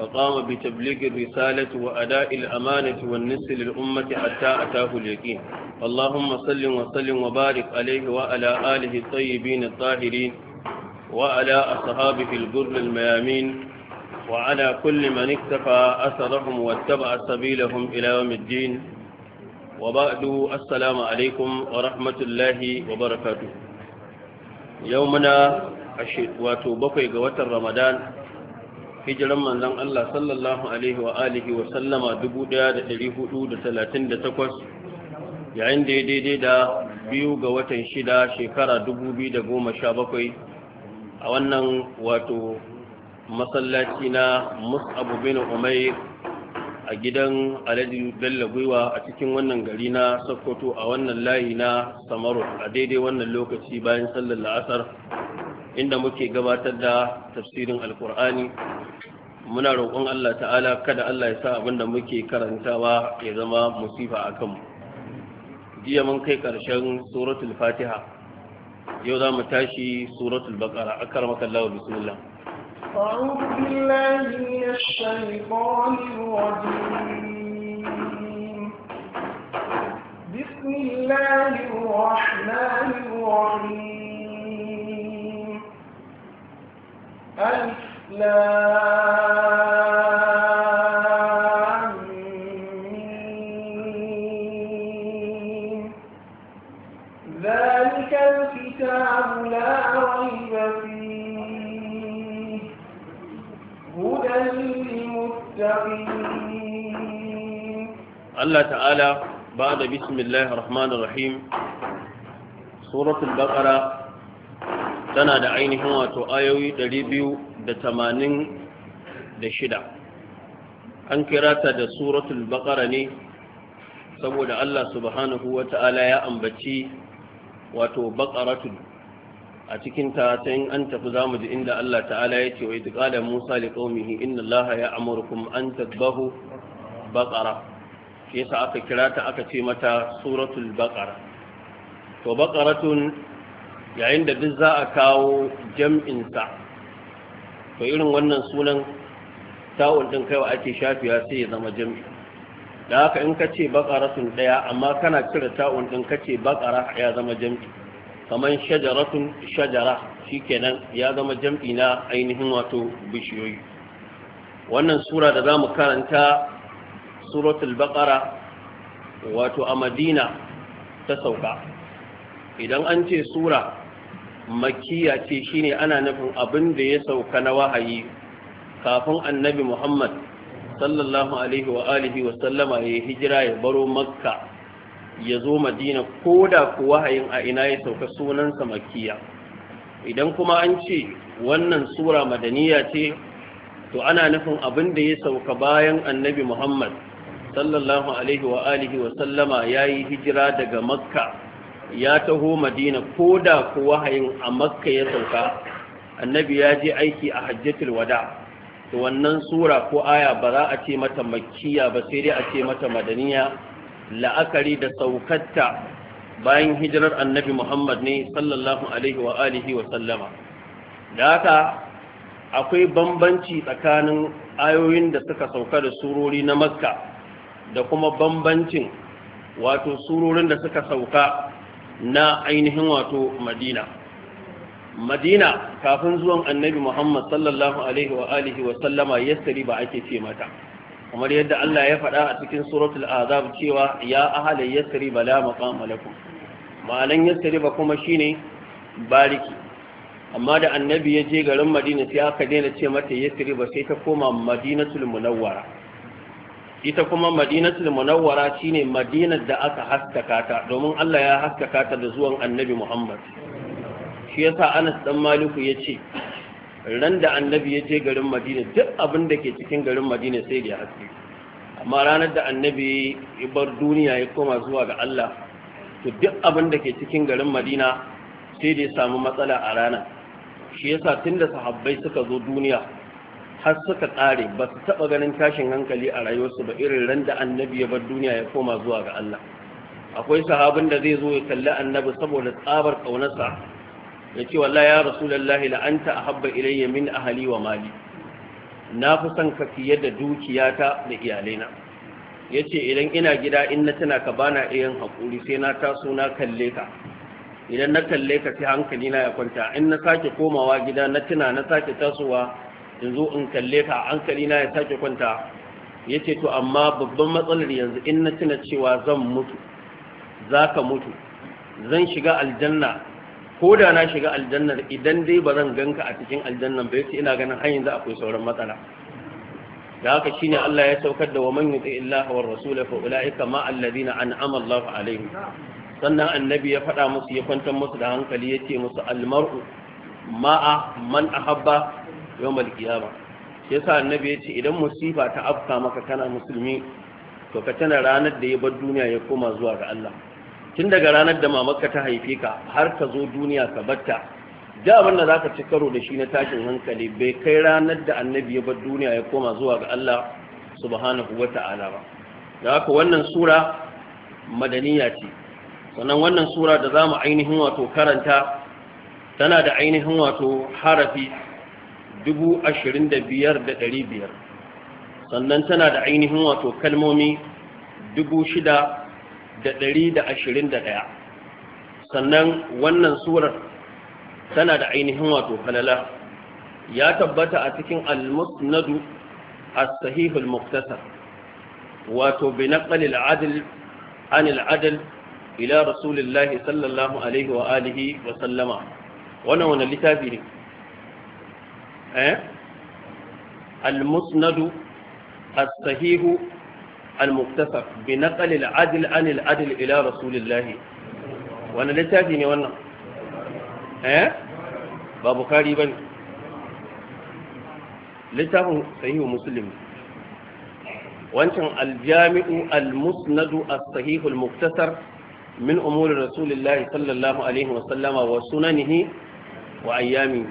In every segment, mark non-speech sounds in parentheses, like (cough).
فقام بتبليغ الرسالة وأداء الأمانة والنس للأمة حتى أتاه اليقين اللهم صل وسلم وبارك عليه وعلى آله الطيبين الطاهرين وعلى أصحابه الجر الميامين وعلى كل من اكتفى أثرهم واتبع سبيلهم إلى يوم الدين وبعد السلام عليكم ورحمة الله وبركاته يومنا واتو بقي قوة رمضان hijiran manzan Allah sallallahu alaihi wa alihi wa sallama 1438 yayin da ya daidai da biyu ga watan shida shekara 2017 a wannan wato masallaci na Mus'ab bin Umair a gidan Aladi Bello Gwiwa a cikin wannan gari na Sokoto a wannan layi na Samaru a daidai wannan lokaci bayan sallar la'asar inda muke gabatar da tafsirin alkur'ani muna roƙon Allah ta'ala kada Allah ya sa abinda muke karantawa ya zama musifa a kanmu jiya mun kai ƙarshen suratul fatiha yau za mu tashi suratul A akar makallawa bismillah بسم الله الرحمن الرحيم ذلك الكتاب لا ريب فيه هدى للمتقين الله تعالى بعد بسم الله الرحمن الرحيم سورة البقرة tana da ainihin wato ayoyi 286 an kira ta da suratul baqara ne saboda Allah subhanahu wa ta'ala ya ambaci wato baqaratul a cikin ta sai an tafi zamu ji inda Allah ta'ala ya ce wa idh qala Musa liqaumihi inna ya ya'murukum an tadbahu baqara shi yasa aka kira ta aka ce mata suratul baqara to baqaratun yayin da duk za a kawo jam'insa to irin wannan sunan ta'ul ɗin kaiwa ake shafiya sai ya zama jam'i da haka in ka ce baƙaratun ɗaya amma kana cire ta'un ɗin ka ce baƙara ya zama jam'i kamar shajaratun shajara shikenan ya zama jam'i na ainihin wato bishiyoyi wannan sura da za mu karanta suratul baƙara wato a madina ta sauka idan an ce sura makiya ce shine ana nufin abin da ya sauka na wahayi kafin annabi Muhammad sallallahu alaihi wa alihi wa sallama ya hijira ya baro makka ya zo madina ko da ku wahayin a ina ya sauka sunansa makiya idan kuma an ce wannan sura madaniya ce to ana nufin abin da ya sauka bayan annabi muhammad sallallahu alaihi wa alihi wa sallama ya yi hijira daga makka ya taho madina ko da kuwa wahayin a makka ya sauka annabi ya je aiki a hajjatul wada to wannan sura ko aya ba za a ce mata makkiya ba sai dai a ce mata madaniya la'akari da saukatta bayan hijirar annabi muhammad ne sallallahu alaihi wa alihi wa sallama da haka akwai bambanci tsakanin ayoyin da suka sauka da surori na makka da kuma bambancin wato surorin da suka sauka na ainihin wato madina madina kafin zuwan annabi muhammad sallallahu alaihi wa alihi wa sallama yassari ba ake ce mata kamar yadda allah ya faɗa a cikin suratul azab cewa ya ahala yassari ba la maqama lakum ma'anan yassari ba kuma shine bariki amma da annabi ya je garin madina sai aka daina ce mata yassari ba sai ta koma madinatul munawwara ita kuma madinatul munawwara shine madinar da aka haskaka ta domin Allah ya haskaka ta da zuwan annabi Muhammad shi yasa Anas dan Maliku yace ran da annabi ya je garin Madina duk abin da ke cikin garin Madina sai ya haske amma ranar da annabi ya bar duniya ya koma zuwa ga Allah to duk abin da ke cikin garin Madina sai da ya samu matsala a ranar shi yasa tunda sahabbai suka zo duniya har suka ƙare ba su taɓa ganin tashin hankali a rayuwarsu ba irin ran da annabi ya bar duniya ya koma zuwa ga Allah akwai sahabin da zai zo ya kalli annabi saboda tsabar ƙaunarsa ya ce wallahi ya rasulullahi la anta ahabba ilayya min ahli wa mali na fi son ka fiye da dukiyata da iyalaina ya ce idan ina gida in na tana ka bana iyan haƙuri sai na taso na kalle ka idan na kalle ka sai hankali na ya kwanta in na sake komawa gida na tana na sake tasowa in zo in kalle ka hankali na ya sake kwanta ya ce to amma babban matsalar yanzu in na tuna cewa zan mutu za ka mutu zan shiga aljanna ko da na shiga aljannar idan dai ba zan ganka a cikin aljannan ba yace ina ganin har yanzu akwai sauran matsala da haka shine Allah ya saukar da wa man yuti illaha war rasul fa ulaika ma alladhina an'ama Allahu alaihim sannan annabi ya faɗa musu ya kwantar musu da hankali yace musu almar'u ma'a man ahabba yau malkiyama shi yasa annabi ya ce idan musifa ta afka maka kana musulmi to ka tana ranar da ya bar duniya ya koma zuwa ga Allah tun daga ranar da mamarka ta haife ka har ka zo duniya ka batta da abin da zaka ci karo da shi na tashin hankali bai kai ranar da annabi ya bar duniya ya koma zuwa ga Allah subhanahu wata'ala ba da haka wannan sura madaniya ce sannan wannan sura da zamu ainihin wato karanta tana da ainihin wato harafi dubu ashirin da biyar da ɗari biyar sannan tana da ainihin wato kalmomi dubu shida da ɗari da ashirin da ɗaya sannan wannan surar tana da ainihin wato falala ya tabbata a cikin al-musnadu as-sahih muktasar, wato bi naqal al-adl an al-adl ila rasulillahi sallallahu alaihi wa alihi wa sallama wannan wannan littafi ne المسند الصحيح المكتسب بنقل العدل عن العدل إلى رسول الله وانا لتاتي ني wannan eh ba bukhari bane littafin sahihu muslim wancan aljami'u almusnadu as-sahihu al-muktasar min umuri rasulillahi sallallahu alaihi wa sallama wa sunanihi wa ayyamihi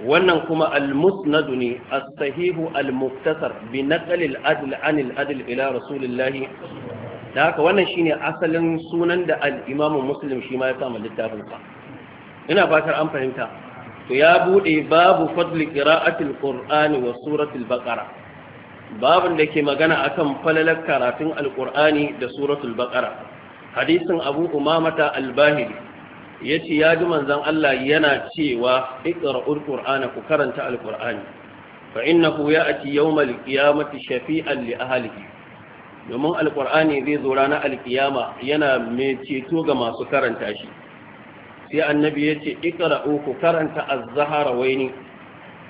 wannan kuma al musnadu ne as-sahihu al-muftasar bi naqli al-adl an al-adl ila rasulillah da haka wannan shine asalin sunan da al-imamu muslim shi ma ya littafin sa ina fatar an fahimta to ya bude babu fadli qira'atil qur'ani wa suratul baqara babin da ke magana akan falalar karatun al-qur'ani da suratul baqara hadisin abu umamata al-bahili ya ce ya ji manzan Allah yana cewa iqra'ul qur'ana ku karanta alqur'ani fa innahu ya'ti yawmal qiyamati shafi'an li ahlihi domin alqur'ani zai zo ranar alqiyama yana mai ceto ga masu karanta shi sai annabi ya ce ku karanta az-zahara waini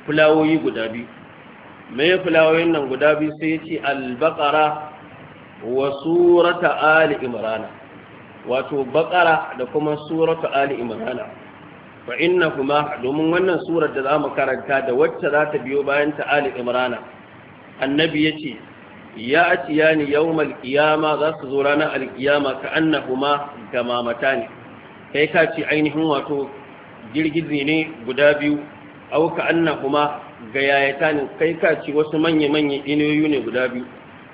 fulawoyi guda biyu me fulawoyin nan guda biyu sai ya ce al wa surata ali imrana wato bakara da kuma suratu ali imrana fa innahuma domin wannan surar da zamu karanta da wacce za ta biyo bayan ta ali imrana annabi yace ya atiyani yawmal qiyama za su zo ranar alqiyama ka annahuma gamamata ne kai ka ce ainihin wato girgizi ne guda biyu au ka annahuma gayayata ne kai ka ce wasu manya manyan inoyoyi ne guda biyu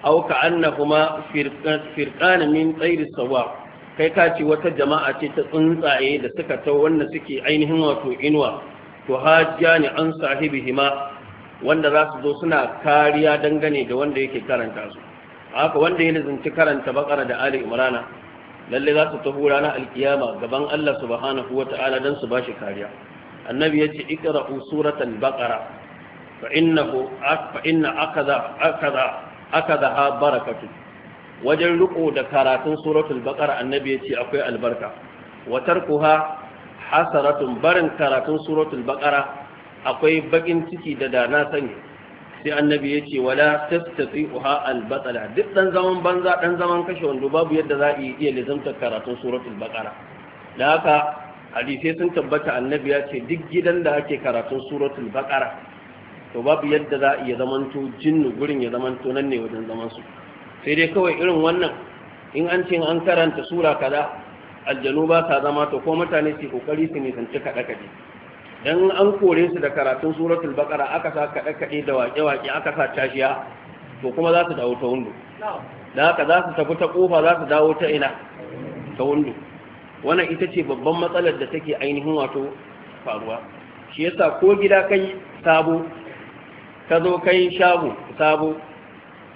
au ka annahuma firqan min tsairi sawa kai ka ce wata jama'a ce ta tsuntsaye da suka ta wanda suke ainihin wato inuwa to hajja ne an sahibi hima wanda za su zo suna kariya dangane da wanda yake karanta su haka wanda ya zanci karanta bakara da ali imrana lalle za su tafi ranar alkiyama gaban Allah subhanahu wata'ala dan su ba shi kariya annabi yace ikra suratan baqara fa innahu fa inna akaza akaza akaza barakatuh wajen riko da karatun suratul baqara annabi yace akwai albarka wa tarkuha hasaratun barin karatun suratul baqara akwai bakin ciki da dana sani sai annabi yace wala tastati'uha albatala duk dan zaman banza dan zaman kashe wando babu yadda za a iya lizamta karatun suratul baqara da haka sai sun tabbata annabi ya ce duk gidan da ake karatun suratul baqara to babu yadda za a iya zamanto jinnu gurin ya zamanto nan ne wajen zaman su sai dai kawai irin wannan in an ce an karanta sura kaza aljanu ba zama to ko mutane su kokari su nisanci kaɗe kaɗe dan an kore su da karatun suratul baqara aka sa kaɗe kaɗe da waƙe waƙe aka sa tashiya to kuma za su dawo ta wundu da haka za su tafi ta kofa za su dawo ta ina ta wundu wannan ita ce babban matsalar da take ainihin wato faruwa shi yasa ko gida kai sabo ka zo kai shago sabo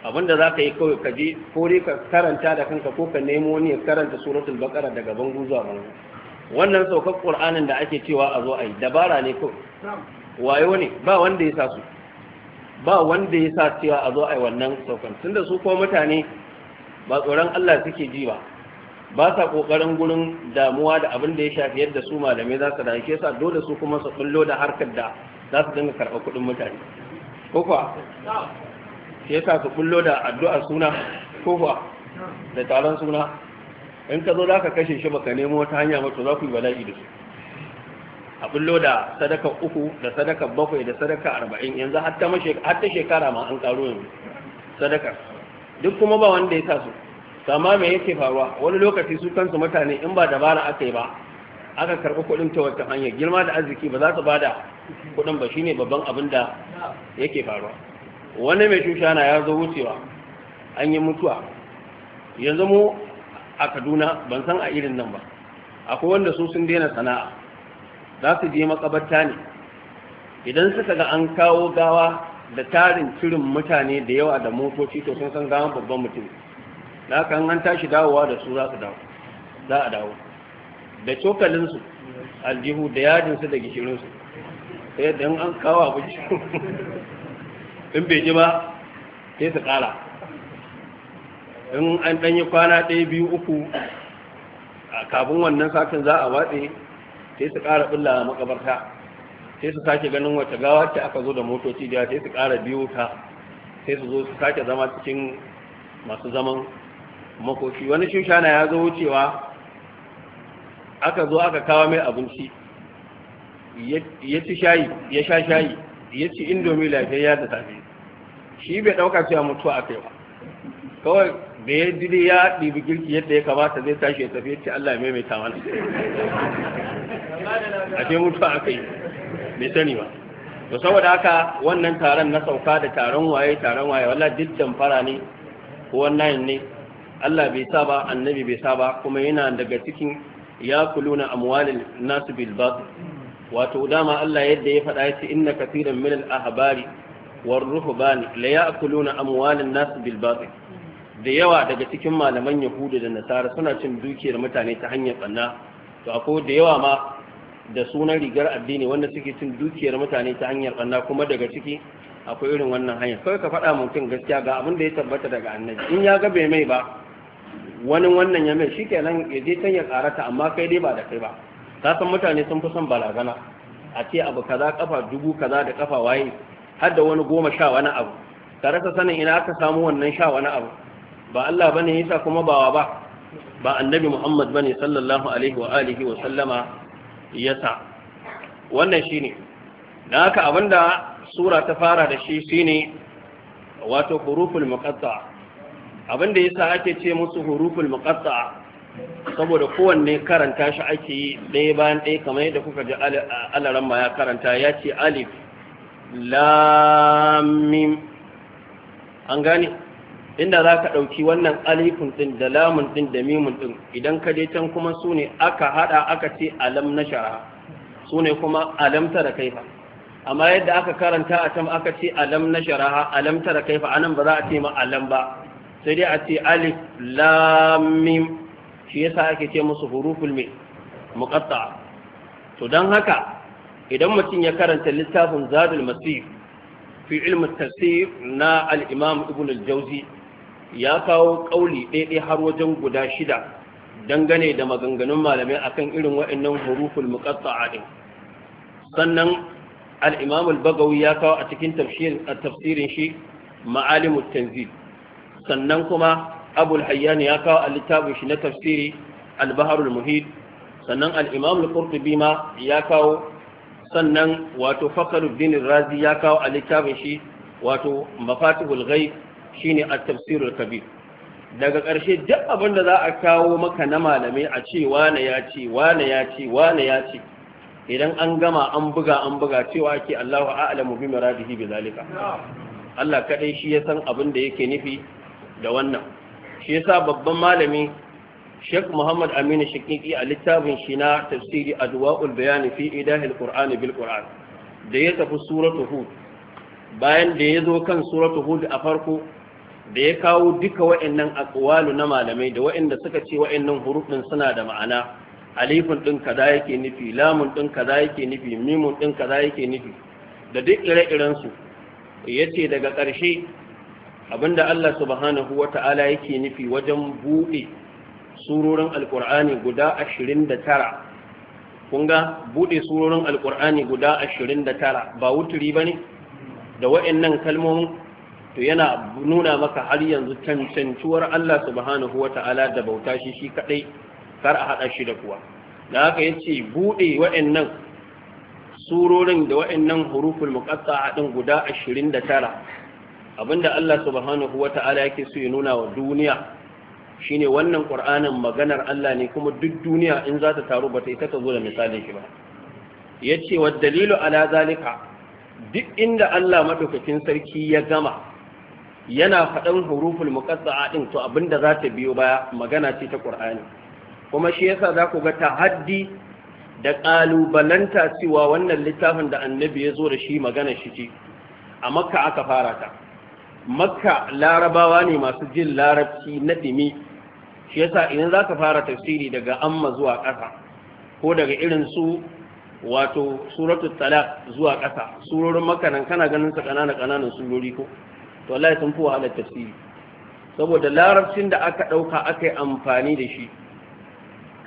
da za ka yi kawai ka je ko dai ka karanta da kanka ko ka nemo ne karanta suratul baqara daga bangu zuwa bangu wannan saukar qur'anin da ake cewa a zo a yi dabara ne ko wayo ne ba wanda ya sa su ba wanda ya sa cewa a zo a yi wannan Tun tunda su ko mutane ba tsoron Allah suke ji ba ba sa kokarin gurin damuwa da abin da ya shafi yadda su malamai za su rayu sa dole su kuma su kullo da harkar da za su dinga karɓar kuɗin mutane ko kuwa shi yasa su kullo da addu'ar suna ko da taron suna in ka zo za ka kashe shi baka nemo wata hanya mato za ku yi bala'i da su a kullo da sadaka uku da sadaka bakwai da sadaka arba'in yanzu hatta shekara ma an karo yanzu sadaka duk kuma ba wanda ya su. sama me yake faruwa wani lokaci su kansu mutane in ba dabara aka yi ba aka karɓi kuɗin ta wata hanya girma da arziki ba za su ba da kuɗin ba shine babban abin da yake faruwa wani mai shushana ya zo wucewa an yi mutuwa yanzu mu a kaduna ban san a irin nan ba akwai wanda su sun daina sana'a za su je makabarta ne idan suka ga an kawo gawa da tarin cirin mutane da yawa da motoci to sun san gawan babban mutum da haka an tashi dawowa da su za su dawo za a dawo da cokalinsu aljihu da yajinsu da gishirinsu sai da an kawo abinci (laughs) in bai ji ba sai su ƙara in an danyi kwana ɗaya biyu uku a kafin wannan sakin za a watse sai su ƙara ɓulla makabarta sai su sake ganin wata gawa ta aka zo da motoci da sai su ƙara biyu ta sai su zo su sake zama cikin masu zaman makoshi, wani shushana ya zo wucewa aka zo aka kawo mai abinci ya ci shayi ya sha shayi ya ci indomi lafiya da safe shi bai ɗauka cewa mutuwa a kai ba kawai da ya jiri ya ɗibi girki yadda ya kamata zai tashi ya tafi ya ce Allah ya maimaita mana a ce mutuwa a kai bai sani ba to saboda haka wannan taron na sauka da taron waye taron waye walla duk fara ne ko wannan ne Allah bai sa ba annabi bai sa ba kuma yana daga cikin ya kuluna amwalin nasu bil batil wato dama Allah yadda ya faɗa ya ce inna katiran min al ahbari والرهبان لا ياكلون اموال الناس بالباطل da yawa daga cikin malaman yahudu da nasara suna cin dukiyar mutane ta hanyar banna to akwai da yawa ma da sunan rigar addini wanda suke cin dukiyar mutane ta hanyar banna kuma daga ciki akwai irin wannan hanyar kawai ka faɗa mutum gaskiya ga abin da ya tabbata daga annabi in ya ga bai mai ba wani wannan ya mai shi kenan ya je can ya karata amma kai dai ba da kai ba ka san mutane sun fi son balagana a ce abu kaza kafa dubu kaza da kafa waye har da wani goma sha wani abu tare ta sanin ina aka samu wannan sha wani abu ba Allah ne yasa kuma bawa ba ba annabi Muhammad ba ne sallallahu alaihi wa alihi wa sallama yasa wannan shi ne dan haka abinda sura ta fara da shi shine wato huruful muqatta abinda yasa ake ce musu huruful muqatta saboda kowanne karanta shi ake yi ɗaya bayan ɗaya kamar yadda kuka ji alaran ma ya karanta ya ce alif lamim an gane inda za ka ɗauki wannan alifin ɗin da lamun ɗin da mimun ɗin idan ka je can kuma su ne aka haɗa aka ce alam na shara su ne kuma alamta da kaifa amma yadda aka karanta a can aka ce alam na shara alamta da kaifa anan ba za a ce ma alam ba sai dai a ce alif lamim shi yasa ake ce musu huruful mai muqatta to don haka idan mutum ya karanta littafin zadul masif fi ilmin tafsir na al'imam ibn al-jauzi ya kawo ƙauli daidai har wajen guda shida dangane da maganganun malamai akan irin waɗannan huruful muqatta'a din sannan al'imam al-bagawi ya kawo a cikin tafsirin shi ma'alimul tanzil sannan kuma abu hayyan ya kawo a littafin shi na tafsiri al-baharul muhid sannan al-imam al-qurtubi ma ya kawo sannan wato fakaruddin razi ya kawo a littafin shi wato mafatihul ghaib shine a tafsirul kabir daga ƙarshe duk abin da za a kawo maka na malamai a ce wane ya ce wane ya ce wane ya ce idan an gama an buga an buga cewa ake Allahu a'lamu bi maradihi bi zalika Allah kadai shi ya san abin da yake nufi da wannan shi yasa babban malami Sheikh Muhammad Aminu Shakiki a littafin shi na tafsiri Adwa'ul Bayani fi Idahil Qur'ani bil Qur'an da ya tafi suratu Hud bayan da ya zo kan suratu Hud a farko da ya kawo duka wa'annan aqwalu na malamai da wa'anda suka ce wa'annan hurufin suna da ma'ana alifin din kaza yake nufi lamun din kaza yake nufi mimun din kaza yake nufi da duk ire-iren su yace daga ƙarshe abinda Allah subhanahu wata'ala yake nufi wajen buɗe surorin alkur'ani guda ashirin da tara ƙunga buɗe surorin alkur'ani guda ashirin da tara ba wuturi ba ne da wa'annan kalmomin to yana nuna maka har yanzu cancancuwar Allah subhanahu wa ta'ala da bauta shi shi kaɗai kar a haɗa shi da kuwa da haka ya ce buɗe wa'annan surorin da wa'annan huruful muƙatta ɗin guda ashirin da tara abinda Allah subhanahu wa ta'ala yake so ya nuna wa duniya shine wannan ƙur'anin maganar Allah ne kuma duk duniya in za ta taru ta ita ta zo da misali shi ba Ya ce wa dalilu ala zalika duk inda Allah madaukakin sarki ya gama yana faɗan huruful muqatta'a din to abinda za ta biyo baya magana ce ta Kur'ani, kuma shi yasa za ku ga tahaddi da ƙalubalanta cewa wannan littafin da annabi ya zo da shi magana shi ce a makka aka fara ta makka larabawa ne masu jin larabci na ɗimi shi yasa idan za ka fara tafsiri daga amma zuwa ƙasa ko daga irin su wato suratu talaq zuwa ƙasa surorin makanan kana ganin su ƙanana ƙananan surori ko to wallahi sun fi wahalar tafsiri saboda larabcin da aka ɗauka aka yi amfani da shi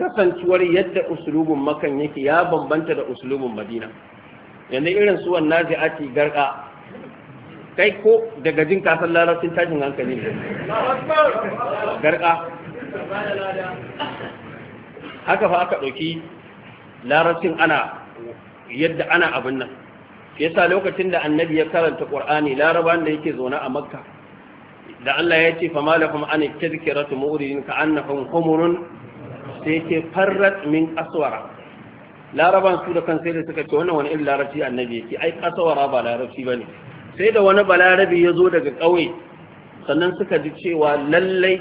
kasancewar yadda usulubin makan yake ya bambanta da usulubin madina yanzu irin su wannan ake garka kai ko daga jin kasan larabcin tashin hankali ne garka haka fa aka ɗauki larabcin ana yadda ana abin nan yasa lokacin da annabi ya karanta qur'ani laraban da yake zaune a makka da Allah ya ce fama ke an tadhkiratu muridin ka annahum humurun sai ce farrat min aswara laraban su da kan sai da suka ce wannan wani irin larabci annabi yake ai aswara ba larabci bane sai da wani balarabi ya zo daga ƙauye sannan suka ji cewa lallai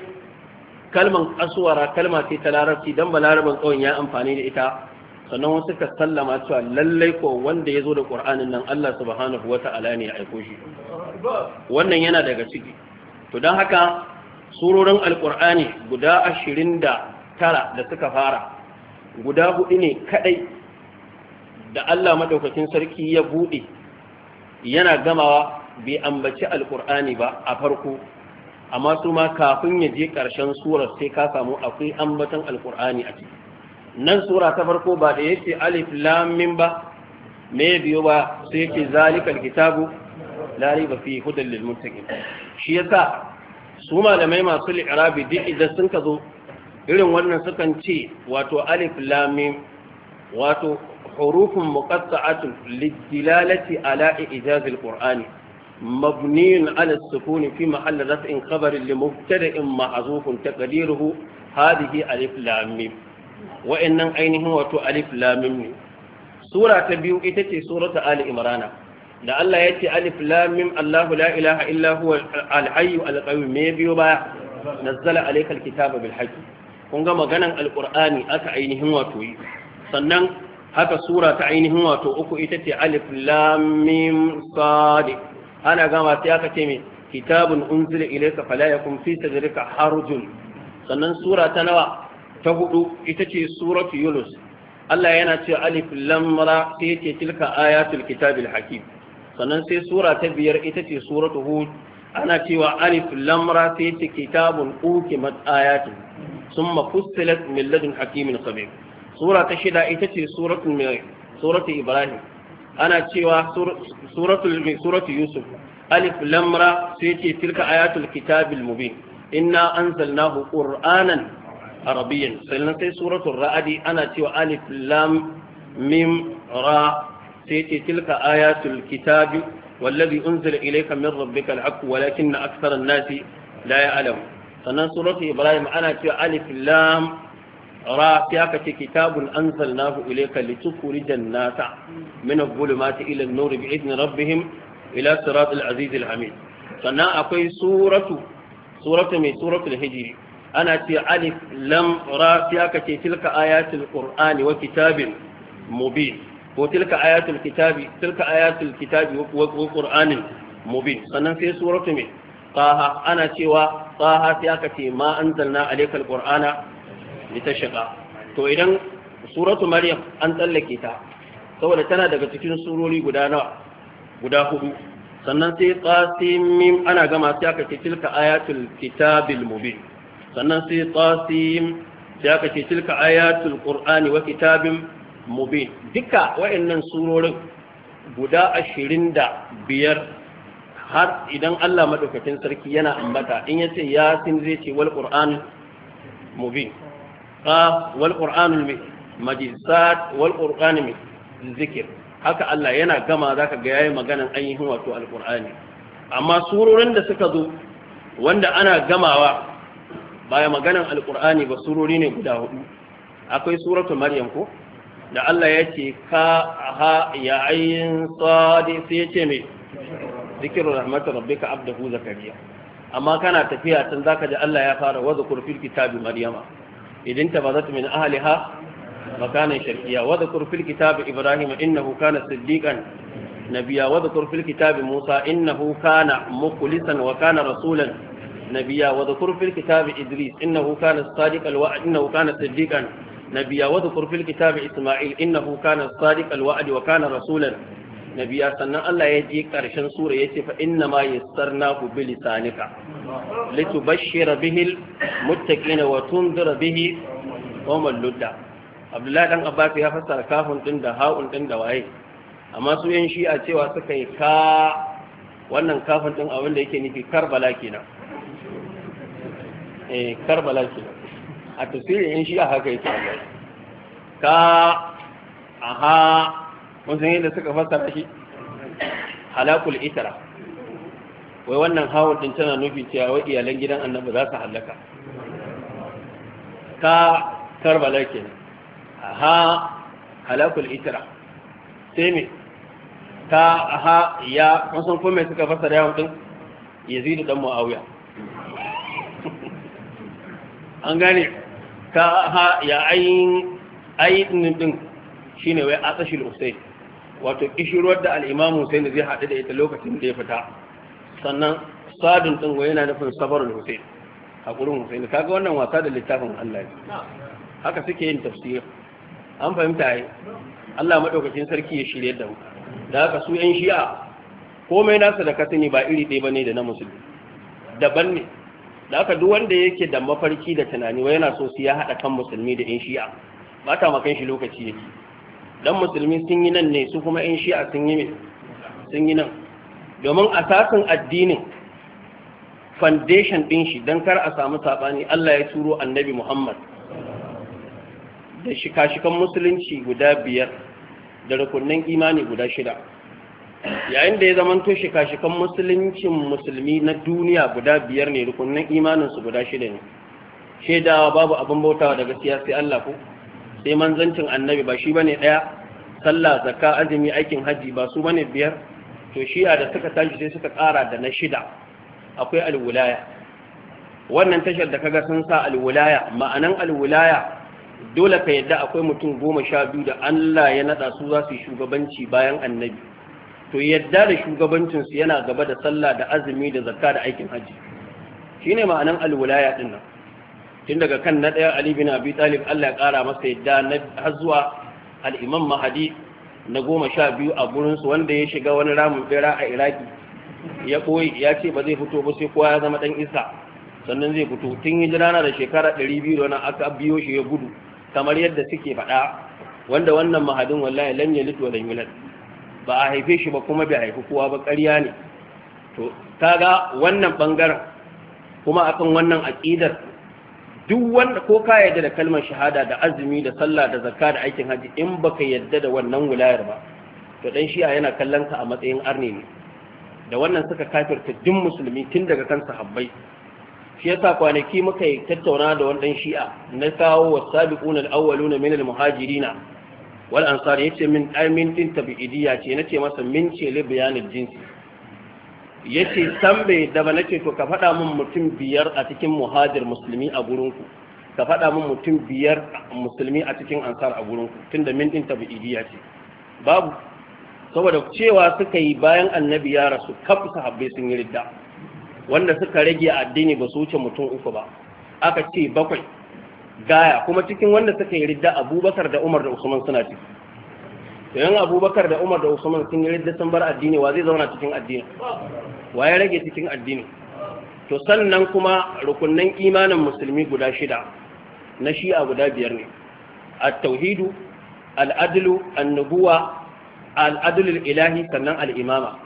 kalman aswara kalma ce ta larabci dan balarabin tsawon ya amfani da ita sannan wasu ka sallama cewa lallai ko wanda ya zo da ƙur'anin nan Allah subhanahu wa ta'ala ne ya aiko shi wannan yana daga ciki to don haka surorin alƙur'ani guda ashirin da tara da suka fara guda hudu ne kadai da Allah madaukakin sarki ya buɗe yana gamawa bai ambaci alƙur'ani ba a farko amma su kafin ya je ƙarshen surar sai ka samu akwai ambaton Alƙur'ani a ciki nan sura ta farko ba da yake alif lam mim ba me biyo ba sai yake zalikal kitabu la riba fi hudal lil muttaqin shi yasa su malamai masu li'irabi duk idan sun ka zo irin wannan sukan ce wato alif lam mim wato hurufun muqatta'atun lidilalati ala ijazil qur'ani مبني على السكون في محل رفع خبر لمبتدئ محذوف تقديره هذه ألف لام ميم وإن أينه وتو ألف لام ميم سورة تبيو إتتي سورة آل إمرانا لألا يأتي ألف لام ميم الله لا إله إلا هو الحي القيوم يبيو با نزل عليك الكتاب بالحق kun ga maganan alƙur'ani aka ainihin wato yi sannan haka sura ta ainihin wato uku ita ce alif lam mim sadiq ana gama sai aka ce mai kitabun unzila ilayka fala yakun fi sadrika harjun sannan sura ta nawa ta hudu ita ce suratu yunus Allah yana cewa alif lam ra sai ce tilka ayatul kitabil hakim sannan sai sura ta biyar ita ce suratu hud ana cewa alif lam ra sai ce kitabun ukimat ayatu summa fussilat min ladun hakimin khabir sura ta shida ita ce suratu suratu ibrahim أنا شيوا سورة سورة يوسف ألف را سيتي تلك آيات الكتاب المبين إنا أنزلناه قرآنا عربيا سيلنا سورة الرأدي أنا شيوا ألف لام ميم را سيتي تلك آيات الكتاب والذي أنزل إليك من ربك الحق ولكن أكثر الناس لا يعلم سنة سورة إبراهيم أنا شيوا ألف لام ra sai aka ce kitabun anzalnahu ilayka litukhrijan nasa min ma ta ila an-nur bi'izni rabbihim ila siratil al hamid sannan akwai suratu suratu mai suratul hijri ana ce alif lam ra sai aka ce tilka ayatul qur'ani wa kitabin mubin ko tilka ayatul kitabi tilka ayatul kitabi wa qur'anin mubin sannan sai suratu mai qaha ana cewa qaha sai aka ce ma anzalna alaykal qur'ana ta shiga to idan suratu maryam an tsallake ta saboda tana daga cikin surori guda nawa guda hudu sannan sai qasim ana gama sai aka ce tilka ayatul kitabil mubin sannan sai qasim sai aka ce tilka ayatul qur'ani wa kitabin mubin duka wayannan surorin guda ashirin da biyar har idan Allah madaukakin sarki yana ambata in yace yasin zai ce wal qur'an mubin qaf wal qur'anul majid sad wal qur'anul zikir haka Allah yana gama zaka ga yayi magana ainihin wato alqur'ani amma surorin da suka zo wanda ana gamawa baya maganan alqur'ani ba surori ne guda hudu akwai suratul maryam ko da Allah ya ce ka ha ya ayin sadi sai ya ce me zikiru rahmatu rabbika abdahu zakariya amma kana tafiya tun zaka ji Allah ya fara wa zakur fil kitabi maryama idin ta min ahliha makanan sharqiyya wa dhkur fil kitabi ibrahim innahu kana siddiqan nabiyya wa wadda fil kitabi musa innahu na mukhlisan wa kana rasulan nabiyya wa dhkur fil kitabi idris innahu kana sadiqal wa innahu kana siddiqan nabiyya wa wadda fil kitabi isma'il innahu kana sadiqal wa'd wa kana rasulan na biya sannan Allah ya ji ƙarshen sura ya ce fa inna ma hu bi lisanika litubashshira bihi almuttaqina wa tunzira bihi qauman ludda Abdullahi dan Abbas ya fassara kafin din da ha'un din da waye amma su yan a cewa suka yi ka wannan kafin din abin da yake nufi Karbala kenan eh Karbala kenan a tafsirin shi a haka yake ka aha kun san yadda suka fassara shi halakul itara wai wannan hawan din tana nufi cewa wai iyalan gidan annabi za su halaka ka karbala kenan aha halakul itara sai me ta aha ya kusan san suka fassara yawan din yazid dan muawiya (laughs) an gane ta ha ya ayin ayin din shine wai atsashil usayd wato kishirwar da al'imamu sai zai haɗu da ita lokacin da ya fita sannan sadin ɗin yana nufin sabarul hussein haƙurin hussein kaga wannan wasa da littafin allah ne haka suke yin tafsir an fahimta yi allah maɗaukacin sarki ya shirya da mu da haka su yan shi'a komai nasa da ka sani ba iri ɗaya bane da na musulmi daban ne da haka duk wanda yake da mafarki da tunani wai yana so su ya haɗa kan musulmi da yan shi'a ba ta makan shi lokaci yake dan musulmi sun yi nan ne su kuma yan shi'a sun yi sun yi nan domin asasin addinin foundation din shi dan kar a samu sabani Allah ya turo annabi Muhammad da shika-shikan musulunci guda biyar da rukunnan imani guda shida yayin da ya zamanto shika-shikan musuluncin musulmi na duniya guda biyar ne rukunnan imaninsu guda shida ne shaidawa babu abin bautawa daga siyasi Allah ko sai manzancin annabi ba shi bane daya sallah zakka azumi aikin haji ba su bane biyar to shi'a da suka tashi sai suka ƙara da na shida akwai alwilaya wannan tashar da kaga sun sa alwulaya ma'anan alwulaya dole ka yadda akwai mutum goma sha biyu da Allah ya naɗa su za su shugabanci bayan annabi to yadda da shugabancinsu yana gaba da sallah da azumi da zakka da aikin hajji shine ma'anan alwulaya dinnan. tun daga kan na ɗaya Ali bin Abi Talib Allah ya ƙara masa yadda na har zuwa al-Imam na goma sha biyu a gurinsu wanda ya shiga wani ramin bera a Iraki ya koyi ya ce ba zai fito ba sai kowa ya zama ɗan isa sannan zai fito tun hijira jirana da shekara ɗari biyu da aka biyo shi ya gudu kamar yadda suke faɗa wanda wannan mahadin wallahi lan ya lito da yulad ba a haife shi ba kuma bai haifi kowa ba ƙarya ne to kaga wannan bangaren kuma akan wannan aƙidar duk wanda ko ka yarda da kalmar shahada da azumi da sallah da zakka da aikin haji in baka yarda da wannan wilayar ba to dan shi'a yana kallon ka a matsayin arne ne da wannan suka kafirta duk musulmi tun daga kan sahabbai shi yasa kwanaki muka yi tattauna da wannan shi'a na kawo wasabiquna al min almuhajirina muhajirina wal ansar yace min amin din tabi'idiyya ce nace masa min ce li bayanin jinsi yace san bai da ba nake to ka faɗa min mutum biyar a cikin muhajir musulmi a gurinku ka faɗa min mutum biyar musulmi a cikin ansar a gurinku tunda min din ce babu saboda cewa suka yi bayan annabi ya rasu kaf sahabbai sun yi ridda wanda suka rage addini ba su wuce mutum uku ba aka ce bakwai gaya kuma cikin wanda suka yi ridda abubakar da umar da usman suna ciki yan abubakar da umar da usman sun yi ridda sun bar addini wa zai zauna cikin addini wa ya rage cikin addini to sannan kuma rukunnan imanin musulmi guda shida na shi'a guda biyar ne at-tauhidu al-adlu an-nubuwa al-adlu al-ilahi sannan al-imama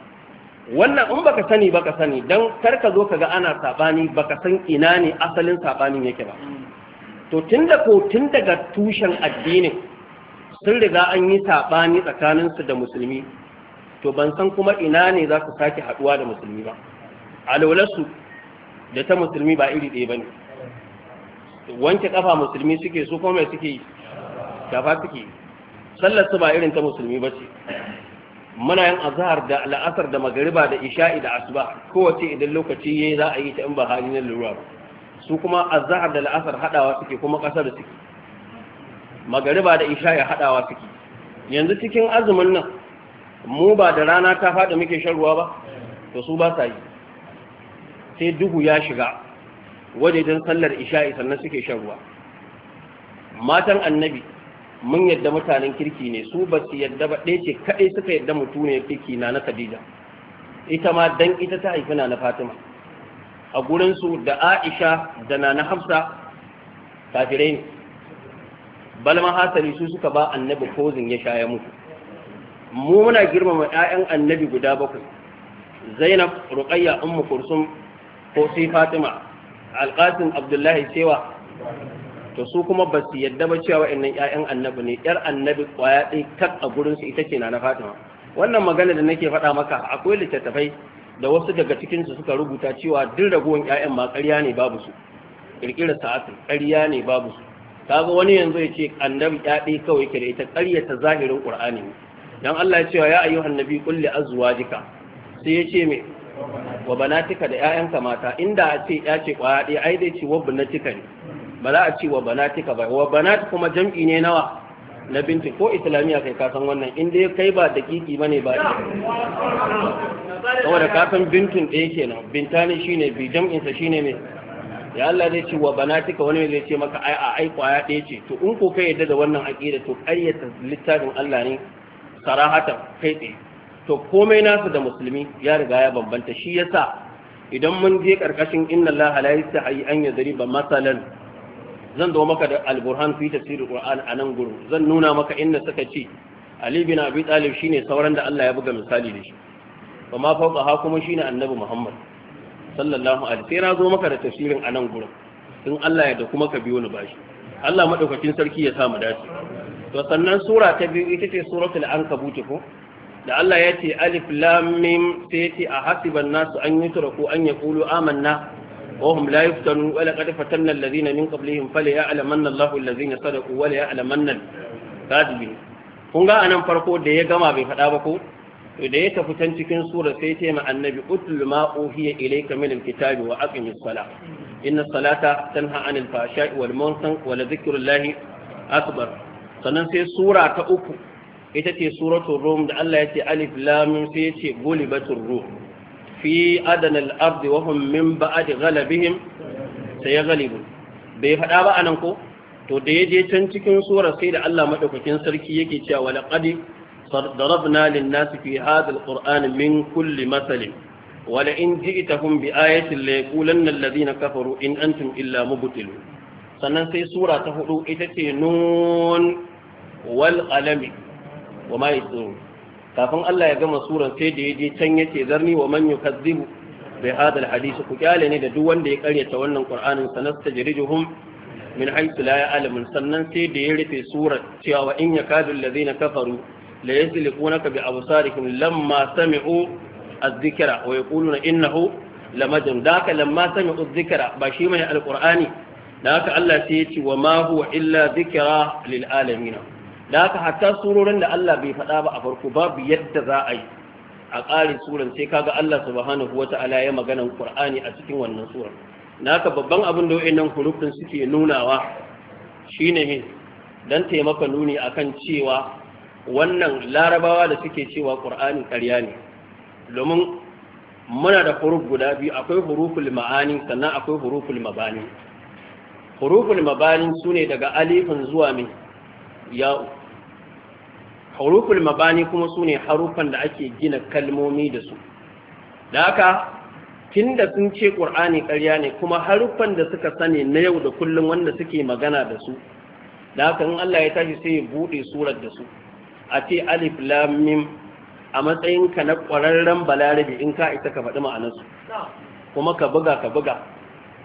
wannan in baka sani baka sani dan karka zo kaga ana sabani baka san ina ne asalin sabanin yake ba to tunda ko tun daga tushen addinin sun riga an yi saɓani tsakaninsu da musulmi to ban san kuma ina ne za su sake haɗuwa da musulmi ba alwalarsu da ta musulmi ba iri ɗaya ba ne wanke ƙafa musulmi suke su kuma mai suke shafa suke sallarsu ba irin ta musulmi ba ce muna yin azhar da la'asar da magariba da isha'i da asuba kowace idan lokaci yayi za a yi ta in ba hali na lura su kuma azhar da la'asar hadawa suke kuma kasar suke magariba da isha ya haɗawa suke yanzu cikin azumin nan mu ba da rana ta fada muke shan ruwa ba to su ba sa yi sai duhu ya shiga wajejen sallar isha'i sannan suke shan ruwa matan annabi mun yadda mutanen kirki ne su ba su yadda ba ɗaya ce kaɗai suka yadda mutu ne kirki na na khadija ita ma dan ita ta haifi na na fatima a gurinsu da aisha da na na hafsa kafirai ne balma hasali su suka ba annabi kozin ya sha mu muna girmama 'ya'yan annabi guda bakwai zainab ruqayya ummu kursum ko sai fatima alqasim abdullahi cewa to su kuma ba su yadda ba cewa wa'annan 'ya'yan annabi ne yar annabi kwaya ɗaya tak a gurin su ita ce na na fatima wannan magana da nake faɗa maka akwai littattafai da wasu daga cikin su suka rubuta cewa duk ragowan 'ya'yan ma ƙarya ne babu su ƙirƙirar sa'atin ƙarya ne babu su kaga wani yanzu ya ce annabi ya kawai ke da ita ƙaryata zahirin ƙur'ani dan Allah ya ce ya ayyuhan nabi kulli li azwajika sai ya ce me wa banatika da ƴaƴanka mata inda a ce ya ce ƙwaya ɗaya ai dai ce wa banatika ne ba za a ce wa banatika ba wa banat kuma jam'i ne nawa na binti ko islamiya kai kasan wannan in dai kai ba dakiki bane ba saboda kafin bintun ɗaya kenan bintani shine bi jam'insa shine me ya Allah zai ce wa banatika wani zai ce maka ai a ai kwaya ɗaya ce to in ko kai yadda da wannan aqida to ƙaryata littafin Allah ne sarahata kai tsaye to komai nasu da musulmi ya riga ya bambanta shi yasa idan mun je karkashin inna Allah la yastahi an ba masalan zan zo maka da alburhan fi tafsirul qur'an a nan gurin zan nuna maka inna suka ce ali bin abi talib shine sauran da Allah ya buga misali da shi kuma fauka ha kuma shine annabi muhammad sallallahu alaihi sai na zo maka da tafsirin a nan gurin in Allah ya da kuma ka biyo ni bashi Allah madaukakin sarki ya sa mu dace to sannan sura ta biyu ita ce suratul ankabut ko da Allah ya ce alif lam mim sai ya ce a hasiban nasu an yutraku an yaqulu amanna wa hum la yuftanu wa laqad fatanna alladhina min qablihim ya'lamanna Allahu alladhina sadaqu wa ya'lamanna kadibin kun ga anan farko da ya gama bai faɗa ba ko to da ya tafi can cikin sura sai ce ma annabi utul ma uhiya ilayka min alkitabi wa aqimis sala inna salata tanha anil fahsha'i wal munkar wa la dhikrullahi akbar sannan sai sura ta uku ita ce suratul rum da Allah ya ce alif lam mim sai ya ce gulibatur ruh fi adana al-ard wa hum min ba'di ghalabihim sayaghlibu bai faɗa ba anan ko to da ya je can cikin sura sai da Allah madaukakin sarki yake cewa laqad ضربنا للناس في هذا القرآن من كل مثل ولئن جئتهم بآية ليقولن الذين كفروا إن أنتم إلا مبتلون sannan sai sura ta hudu ita ce nun wal qalami wa ma yasur kafin Allah ya gama suran sai da yaje can ya ce zarni wa man yukazzibu bi hadha al hadith ku kyale ne da duk wanda ya karyata wannan qur'anin sanastajrijuhum min haythu la ya'lamun sannan sai da ya rufe surar cewa wa in yakadu alladhina kafaru la yasliqunaka bi absarikum lamma sami'u adh-dhikra wa yaquluna innahu lamajnun daka lamma sami'u adh-dhikra ba shi mai alqur'ani daka Allah sai ya ce wa ma huwa illa dhikra lil alamin daka hatta surorin da Allah bai faɗa ba a farko babu yadda za a yi a ƙarin suran sai kaga Allah subhanahu wata'ala ya maganan Qur'ani a cikin wannan suran naka babban abin da wayannan hurufin suke nunawa shine dan taimaka nuni akan cewa wannan larabawa da suke cewa ƙur'ani ƙarya ne domin muna da huruf guda biyu akwai huruful ma'ani sannan akwai huruful mabani huruful mabani su ne daga alifin zuwa mai ya'u huruful mabani kuma su ne harufan da ake gina kalmomi da su da haka tun da sun ce ƙur'ani ƙarya ne kuma harufan da suka sani na yau da kullum wanda suke magana da su da haka in Allah ya tashi sai ya buɗe surar da su a ce alif lam mim a matsayin ka na ƙwararren balarabi in ka isa ka faɗi ma'anarsu kuma ka buga ka buga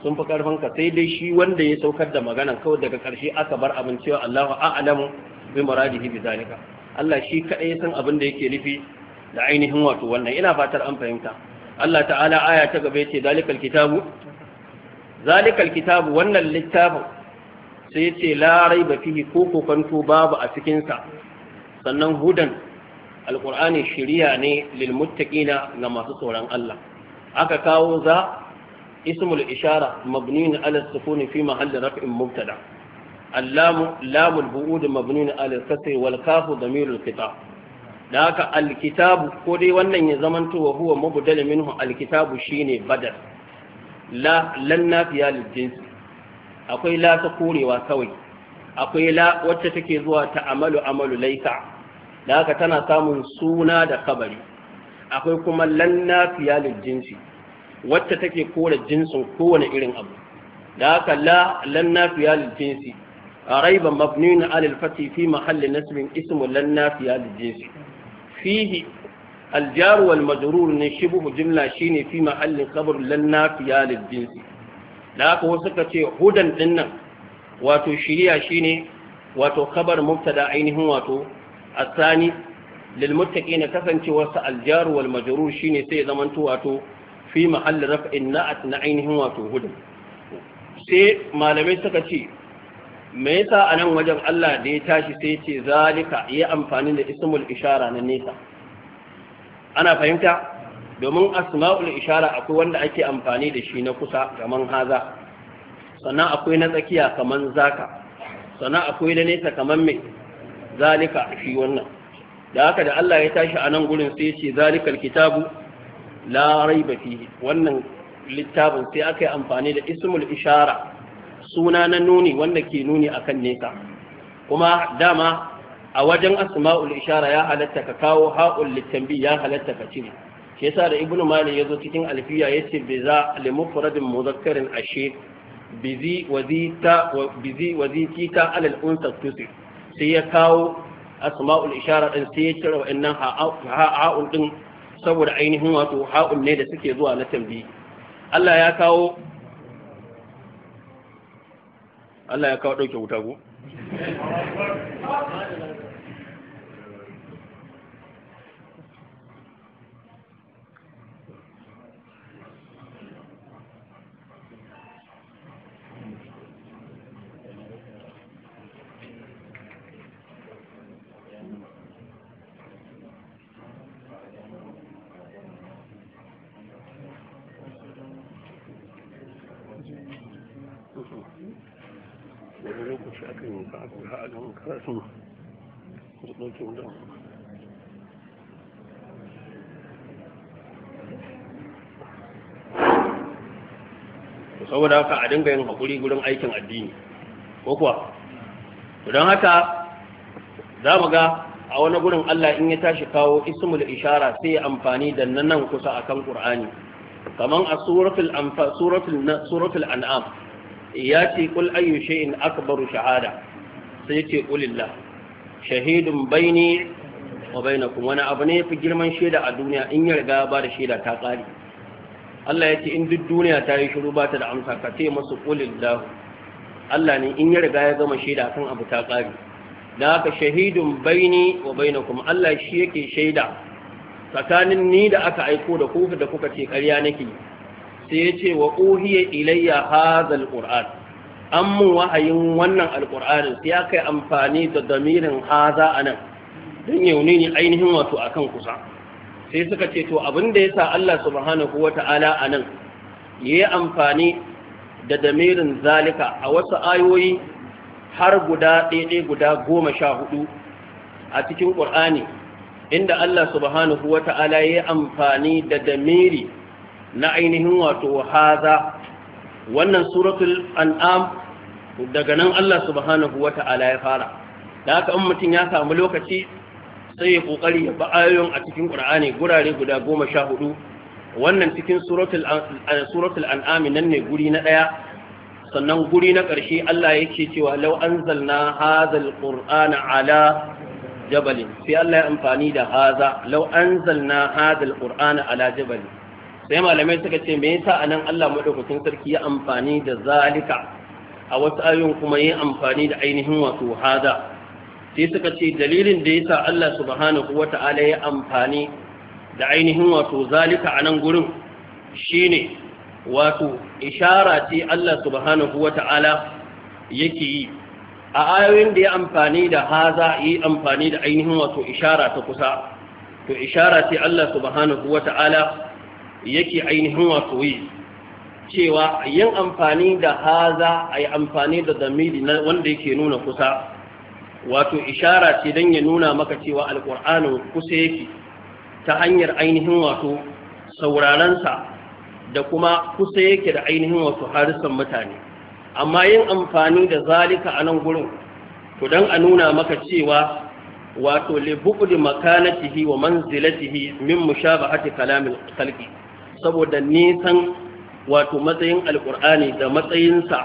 sun fi karfin ka sai dai shi wanda ya saukar da magana kawai daga ƙarshe aka bar abin cewa Allahu a'lamu bi muradihi bi zalika Allah shi kadai ya san abin da yake nufi da ainihin wato wannan ina fatar an fahimta Allah ta'ala aya ta gaba yace zalikal kitabu zalikal kitabu wannan littafin sai yace la raiba fihi ko kokanto babu a cikin sa sannan hudan Alƙur'ani shiriya ne lil muttaqina ga masu tsoron Allah aka kawo za ismul ishara mabnin ala sukun fi mahalli raf'in mubtada mabnin ala البعود wal على damirul والكاف Da haka alkitab Ko dai wannan ya zamanto wa huwa mubdal minhu alkitab shine badal la lan nafiya lil jins akwai la ta korewa kawai akwai la wacce take zuwa ta amalu amalu laika da haka tana samun suna da kabari akwai kuma lannafiya lil jinsi wacce take kore jinsin kowane irin abu da haka la lannafiya lil jinsi raiba mabniun ala al fati fi mahalli nasbin ismu lannafiya lil jinsi fihi al jar ne shi ne jimla shi ne fi mahalli khabar lannafiya lil jinsi da haka wasu suka ce hudan dinnan wato shiriya ne, wato khabar mubtada ainihin wato الثاني للمتقين كسنتي وس الجار والمجرور شيني سي زمانتو واتو في محل رفع النعت نعينه واتو هدى sai malamai suka ce me yasa a nan wajen Allah da ya tashi sai ce zalika ya amfani da ismul ishara na nesa ana fahimta domin asma'ul ishara akwai wanda ake amfani da shi na kusa kaman haza sannan akwai na tsakiya kaman zaka akwai na nesa kaman mai zalika shi wannan da haka da Allah ya tashi a nan gurin sai ce zalikal kitabu la raiba fihi wannan littafin sai aka yi amfani da ismul ishara suna na nuni wanda ke nuni akan nesa kuma dama a wajen asma'ul ishara ya halatta ka kawo ha'ul littambi ya halatta ka cire shi yasa da ibnu ya yazo cikin alfiya yace bi za li mudhakkarin ashe bizi wazita wa bizi wazikita alal unsa tusir sai ya kawo asma'ul ishara din sai ya cire wa'annan ha'a'ul din saboda ainihin wato ha'un ne da suke zuwa na tambi Allah ya kawo Allah ya kawo dauke wuta ko wani lokaci yi a saboda haka a dinga yin hakuri gudun aikin addini ko kuwa don haka za mu ga a wani gurin Allah in ya tashi kawo ismul ishara sai amfani da nan kusa akan ƙur'ani kamar a suratul suratul an'am ya ce kul ayyu shay'in akbaru shahada sai ce kulillah shahidun baini wa bainakum wani abu ne fi girman shaida a duniya in ya riga ba da shaida ta tsari Allah ya ce in duk duniya ta yi shiru ba ta da amsa ka ce masu kulillah Allah ne in ya riga ya gama shaida kan abu ta tsari da haka shahidun baini wa bainakum Allah shi yake shaida tsakanin ni da aka aiko da kuka da kuka ce ƙarya nake sai ya ce wa uhiya ilayya hadhal Alƙur'an, an mun wahayin wannan alƙur'ani sai ya kai amfani da damirin haza anan don yaune ne ainihin wato a kan kusa sai suka ce to abin da sa Allah subhanahu wata'ala ya yi amfani da damirin zalika a wasu ayoyi har guda ɗaiɗai guda goma sha hudu a cikin ƙur'ani inda Allah subhanahu ta'ala ya yi amfani da damiri na ainihin wato haza wannan suratul an'am daga nan Allah subhanahu wata'ala ya fara da haka in mutum ya samu lokaci sai ya kokari ya ba ayoyin a cikin Qur'ani gurare guda goma hudu. wannan cikin suratul eh, suratul an'am nan ne guri na daya sannan guri na ƙarshe Allah yake cewa law anzalna hadzal qur'ana ala jabalin sai Allah ya amfani da haza law anzalna hadzal qur'ana ala jabalin sai malamai suka ce me yasa anan Allah madaukakin sarki ya amfani da zalika a wasu ayoyin kuma yin amfani da ainihin wato hada sai suka ce dalilin da yasa Allah subhanahu wata'ala ya amfani da ainihin wato zalika nan gurin shine wato ishara ce Allah subhanahu wata'ala yake yi a ayoyin da ya amfani da haza yi amfani da ainihin wato ishara ta kusa to ishara ce Allah subhanahu wata'ala yake ainihin wato yi cewa yin amfani da haza a yi amfani da zamiri wanda yake nuna kusa wato ishara ce don ya nuna maka cewa alƙur'anin kusa yake ta hanyar ainihin wato saurarensa da kuma kusa yake da ainihin wato harisan mutane amma yin amfani da zalika a nan gurin to don a nuna maka cewa wato lebukudu makanatihi wa manzilatihi min mushabahati kalamin salki. saboda nisan wato matsayin alkur'ani da matsayinsa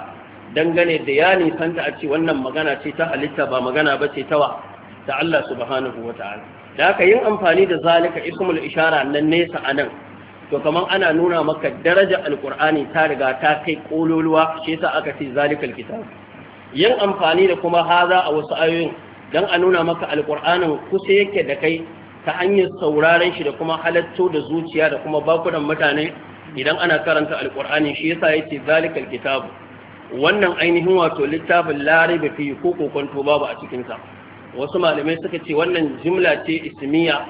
dangane da ya nisanta a ce wannan magana ce ta halitta ba magana ba ce tawa ta Allah subhanahu wa ta'ala da aka yin amfani da zalika ismul ishara nan nesa anan to kamar ana nuna maka daraja alkur'ani ta riga ta kai kololuwa shi yasa aka ce zalikal kitab yin amfani da kuma haza a wasu ayoyin dan a nuna maka alkur'anin kusa yake da kai ta hanyar sauraren shi da kuma halatto da zuciya da kuma bakunan mutane idan ana karanta alkur'ani shi yasa yace zalikal kitab wannan ainihin wato littafin lariba fi ko kokonto babu a cikin sa wasu malamai suka ce wannan jimla ce ismiya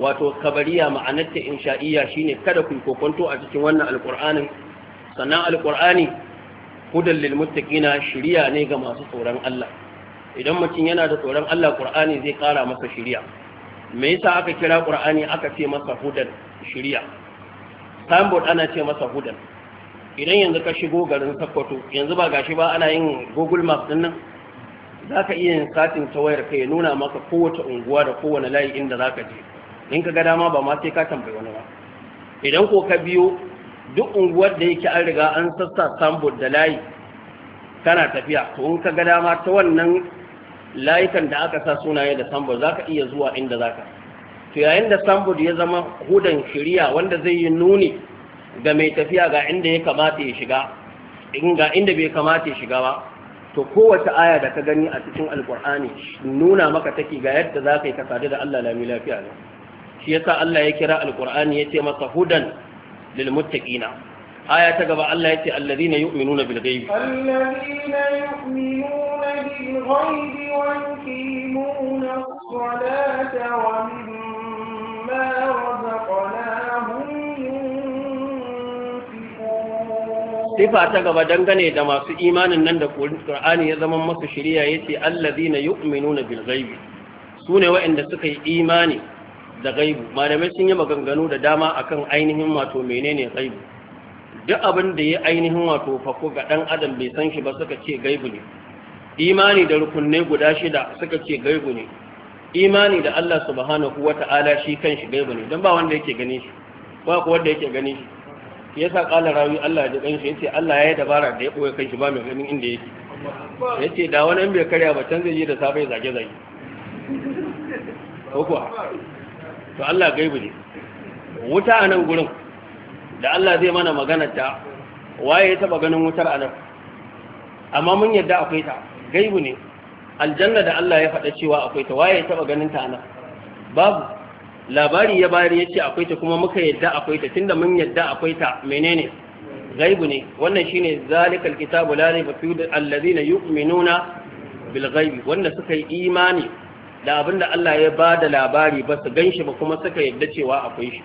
wato kabariya ma'anarta insha'iyya shine kada ku kokonto a cikin wannan alkur'anin sannan alkur'ani hudan lil muttaqina shiriya ne ga masu tsoron Allah idan mutum yana da tsoron Allah Qur'ani zai kara masa shiriya me yasa aka kira qur'ani aka ce masa hudan shirya? signboard ana ce masa hudan idan yanzu ka shigo garin sakkwato yanzu ba gashi ba ana yin google maps din nan za ka iya yin satin ta wayar ka ya nuna maka kowace unguwa da kowane layi inda za ka je in ka ga dama ba ma sai ka tambayi wani ba idan ko ka biyo duk unguwar da yake an riga an sassa signboard da layi kana tafiya to in ka ga dama ta wannan layukan da aka sa sunaye da sambo za ka iya zuwa inda za ka to yayin da sambo ya zama hudan shirya wanda zai yi nuni ga mai tafiya ga inda ya kamata ya shiga ga inda bai kamata ya shiga ba to kowace aya da ka gani a cikin alkur'ani nuna maka take ga yadda za ka yi kasadu da allah lami lafiya ne shi yasa allah ya kira alkur'ani ya ce masa hudan lil muttaqina aya ta gaba Allah yace alladhina yu'minuna bil ghaibi alladhina yu'minuna bil ghaibi wa yuqimuna as-salata wa mimma razaqnahum sifa ta gaba dangane da masu imanin nan da Qur'ani ya zama masu shiriya yace alladhina sune waɗanda suka yi imani da gaibu malamai sun yi maganganu da dama akan ainihin wato menene gaibu duk abin da ya ainihin wato fako ga ɗan adam bai san shi ba suka ce gaibu ne imani da rukunne guda shida suka ce gaibu ne imani da Allah subhanahu wata'ala shi kan shi gaibu ne don ba wanda yake gani shi ba ku wanda yake gani shi ya sa ƙala rawi Allah da ƙanshi ya ce Allah ya yi dabara da ya ɓoye kanshi ba mai ganin inda yake ya ce da wani in bai karya ba can zai je da safe zage-zage ko kuwa to Allah gaibu ne wuta a nan gurin da Allah zai mana maganar ta waye ya taba ganin wutar anan amma mun yadda akwai ta gaibu ne aljanna da Allah ya faɗa cewa akwai ta waye ya taba ganin ta anan babu labari ya bayar ya ce akwai ta kuma muka yadda akwai ta tunda mun yadda akwai ta menene gaibu ne wannan shine zalikal kitabu la raiba fi alladhina yu'minuna bil ghaibi wanda suka yi imani da abinda Allah ya bada labari ba su ganshi ba kuma suka yadda cewa akwai shi